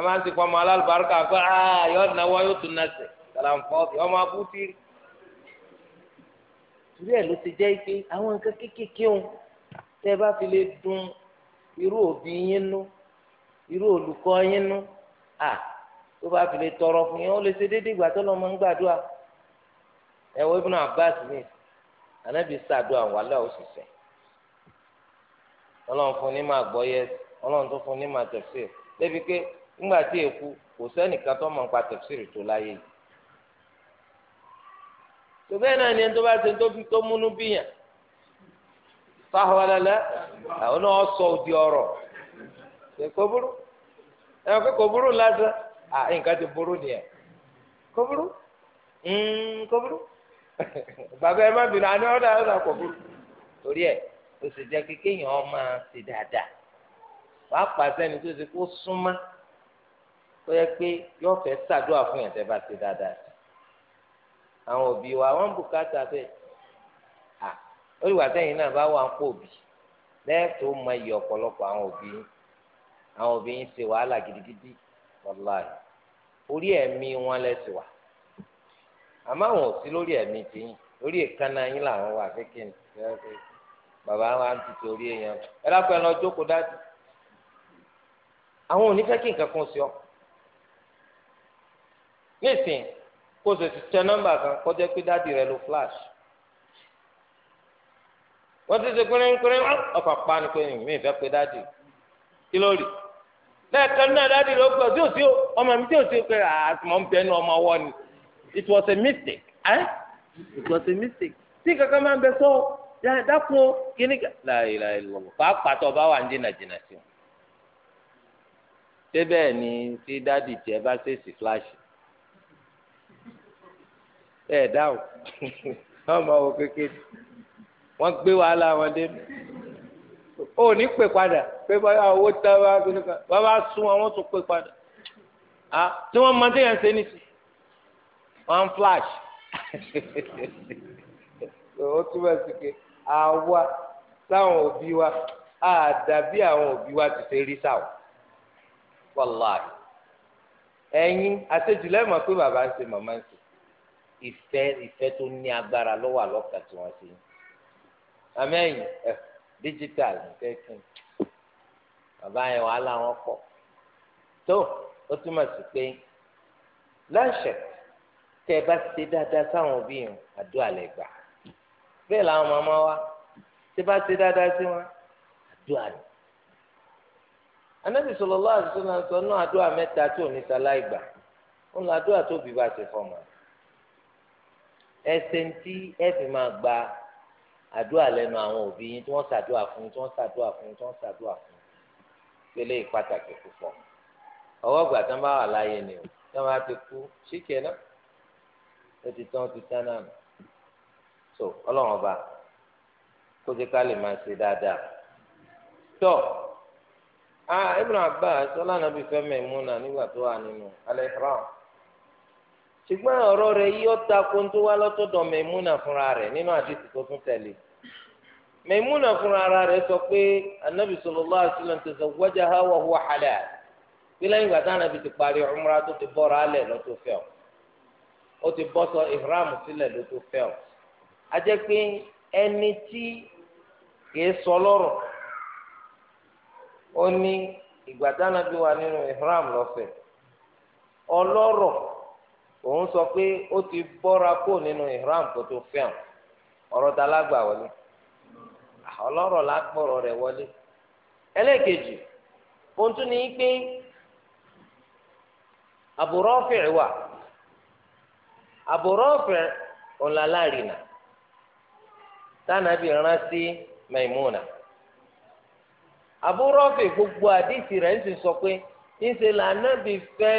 wọ́n máa ń sìnkú ọmọ alálùbáríkà pé ah, yọ náwó yóò tún náà sẹ̀ kàlàǹfọ̀ọ́bì ọmọ abútírì. torí ẹ̀ ló ti jẹ́ pé àwọn nǹkan kéékèèké òun tẹ́ ẹ bá fi lè dun irú òbí yín nú irú olùkọ́ yín nú à tó bá fi lè tọrọ fún yín ó lè ṣe déédéé ìgbà tó lọ́mọ ń gbàdúrà ẹ̀wọ́ Ibn Abbas ní ànábì sàdúrà wàhálà òṣìṣẹ́ ọlọ́run fún ní máa gbọ́ yẹ ọlọ́run tó fún ní máa tẹ̀síẹ̀ débi pé ńgbà èkú kò sẹ́nìkan tó mọ̀ nípa tó láyé yìí. tòbẹ́ náà ni ẹni tó tó fi tó múnú bíyàn sáhọ́lẹ́lẹ́ sọ òdi ọ̀rọ̀ ṣe kò burú kò burú lásán à nǹkan ti burú nìyẹn kò burú hmm, kò burú bàbá ẹ má bínú àní ọ̀dà ọ̀dà kò burú torí ẹ̀ o sì jẹ́ kékeré yẹn ọ máa dáadáa wàá pàṣẹ tó tó yẹ pé yóò fẹ́ ṣàdúrà fún yẹn tẹ́ bá ti dáadáa àwọn òbí wa wọ́n ń bùkátà bẹ́ẹ̀ à olùwà sẹ́yìn náà bá wà ń pò bì lẹ́ẹ̀tọ́ mọ iye ọ̀pọ̀lọpọ̀ àwọn òbí àwọn òbí ń ṣe wàhálà gidigidi wàláì orí ẹ̀mí wọn lẹ́sìn wà àmọ́ àwọn ò sí lórí ẹ̀mí tìyìn lórí ìkànnà yín làwọn wà kékeré bàbá wa ń tutù orí èèyàn ẹ lápẹ́ ẹ lọ dájú àwọn ò ní fẹ́ kí nǹkan kan sí nísìnyí kó o sì ti tẹ nọ́mbà kan kọjá pé dáàdi rẹ ló flash wọ́n ti ṣe pínrínpínrín ọ̀fà pa ni pé mi ìfẹ́ pé dáàdi kí ló rí lẹ́ẹ̀kan náà dáàdi rẹ ó pè ọtí òsì ọmọ mi tí òsì pé àtìmọ̀ ń bẹnu ọmọ ọwọ́ ni it was a mistake eh? it was a mistake tí kankan máa ń bẹ sọ dákun o kíní ká láyé láyé lọ́wọ́ pàápàá tó o bá wà ń dínà jìnnà sí o ṣé bẹ́ẹ̀ ni tí dáàdi tiẹ̀ bá ṣèṣì flash ẹ dáhùn wọn máa wò kékeré wọn gbé wàhálà wọn dé ó ní pè padà pé báyọ̀ owó tẹ́ wá gbẹ́nu kan wọ́n bá sún wọn wọ́n tún pè padà tí wọ́n máa déyàn ṣe ní sí one flash [laughs] ó túbọ̀ sí pé àwa táwọn òbí wa àdàbí àwọn òbí wa ti ṣe rí sáwọn wàláì ẹ̀yin àtẹ̀jùlẹ̀ mọ̀ pé bàbá ń ṣe màmá ń ṣe ìfẹ́ ìfẹ́ tó ní agbára ló wà lọ́kàn tí wọ́n ṣe amẹ́yìn ẹ̀ digital nìkẹ́ kí n bàbá yẹn wàhálà wọn pọ̀ tó ó túmọ̀ sí pé láṣẹ tẹ ẹ bá ṣe dáadáa sáwọn òbí yẹn àdúrà lẹ gbà bẹ́ẹ̀ làwọn màmá wa tẹ bá ṣe dáadáa sí wọn àdúrà ni anabi sọlọ lọ àdúrà sọ náà àdúrà mẹ́ta tí ò ní sáláì gbà ó ń lo àdúrà tó bí bá ṣe fọmọ rẹ ẹsẹ̀ ntí ẹ fi máa gba àdúrà lẹ́nu àwọn òbí yín tí wọ́n ṣàdúrà fún yín tí wọ́n ṣàdúrà fún yín tí wọ́n ṣàdúrà fún yín pélé pàtàkì púpọ̀ ìgbà tí wọ́n bá wà láàyè ni o tí wọ́n bá ti kú síkẹ̀ náà ó ti tán ó ti tán náà nù so ọlọ́run ọba kó jẹ́ ká lè máa ṣe dáadáa tó a Ibn Abbas sọlá nàbí fẹ́ mẹ́múnà nígbà tó wà nínú al-ihram. ṣùgbọ́n ọ̀rọ̀ rẹ̀ yí ọ́ ta kó ń tó wá lọ́tọ̀dọ̀ mẹ̀múnà fúnra rẹ̀ nínú àdìsí tó tún tẹ̀lé mẹ̀múnà fúnra rẹ̀ sọ pé anabi sallallahu alaihi wasallam tazawwajaha bí lẹ́yìn ìgbà anabi ti parí umra tó ti bọ́ra alẹ̀ ló tó fẹ́ ó ti bọ́ sọ ìhram sílẹ̀ tó fẹ́ a jẹ́ pé ẹni tí òun sọ pé ó ti bọ́ra kó nínú ihram kó tó fẹ́ràn ọ̀rọ̀ ta lágbà wọlé ah, ọlọ́rọ̀ lágbọ̀rọ̀ rẹ̀ wọlé ẹlẹ́ẹ̀kejì ohun tún ní í pé Abu Rafi wà Abu Rafi ọ̀làlárìnà tánàbí rán sí Maimuna Abụrụ ọfịa gbogbo àdìsí rẹ̀ ń sọ pé ńṣe làánàbí fẹ́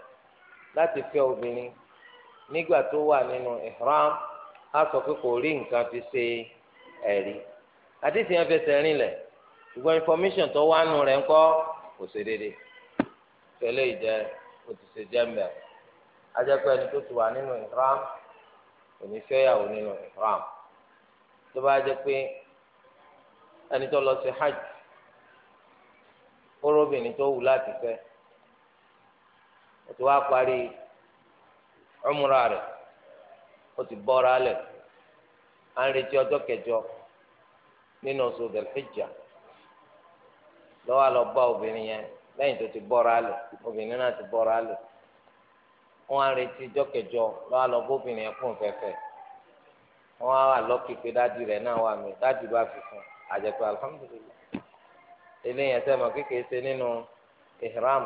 láti fẹ́ obìnrin nígbà tó wà nínú ihram á sọ pé kò rí nǹkan fi ṣe ẹ̀rí àdìsí yẹn fẹsẹ̀ rinlẹ̀ ṣùgbọ́n information tó wà nù rẹ̀ ńkọ́ kò ṣe déédéé tẹ́lẹ̀ ìjẹ́ kò ti ṣe jẹ́ ajẹ́pẹ́ ẹni tó ti wà ihram kò ní fẹ́yàwó nínú ihram tó bá jẹ́ pé lọ sí hajj ó róbìnrin tó wù láti ó ti wá parí o ti bọ́ra lẹ̀ a ń retí ọjọ́ kẹjọ nínú oṣù dhul lọ́wọ́ obìnrin yẹn lẹ́yìn tó ti bọ́ra lẹ̀ obìnrin náà ti bọ́ra lẹ̀ wọ́n á retí ọjọ́ kẹjọ lọ́wọ́ lọ bá obìnrin yẹn fẹ́fẹ́ wọ́n á wà lọ́kì pé rẹ̀ náà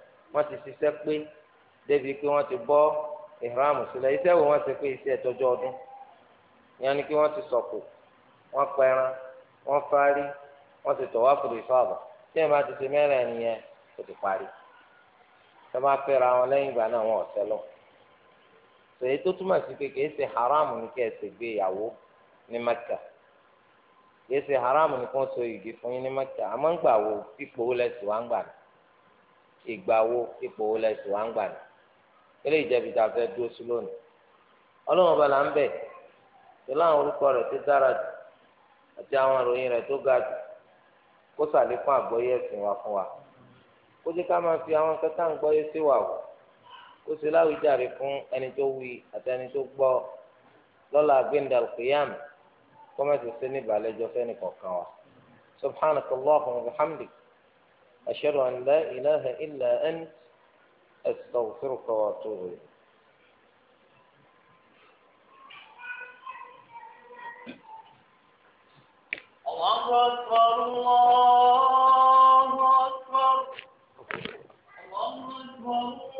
wọ́n ti ṣiṣẹ́ pé débi pé wọ́n ti bọ́ ìhàmù sílẹ̀ iṣẹ́ wo wọ́n ti pé iṣẹ́ tọ́jú ọdún ìyẹn ni pé wọ́n ti sọ̀kò wọ́n pẹran wọ́n fárí wọ́n ti tọ̀wá fòdò ìfọ̀bà tí ẹ̀ máa ti ṣe mẹ́rin nìyẹn kò ti parí tó bá fẹ́ra wọn lẹ́yìn ìgbà náà wọn ò tẹ́lọ̀ sèyí tó túmọ̀ sí pé kìí ṣe haramu ní kí ẹ ṣe gbé ìyàwó ní Mẹ́kà kìí ṣe haramu ní kí wọ́n so ìdí fún yín ní Mẹ́kà àmọ́ ń gbà wo ipò lẹ́sìn wá ń gbà ní ìgbà wo ipò wo lẹ́sìn wá ń gbà ní eléyìí jẹ́ tá a fẹ́ dúró sí lónìí ọlọ́run ọba là ń bẹ̀ pẹ̀lú àwọn orúkọ rẹ̀ tó dára jù àti àwọn ìròyìn rẹ̀ tó ga jù kó sàlékún ẹ̀sìn wa fún wa kó jẹ́ ká máa fi àwọn kẹta ń gbọ́yé sí wa o kó sì fún ẹni tó wí àti ẹni tó gbọ́ lọ́la kìyàm kọ́mẹ́sì sí ní ìbàlẹ́jọ́ أشهد أن لا إله إلا أنت أستغفرك وأتوب إليك الله أكبر الله أكبر الله أكبر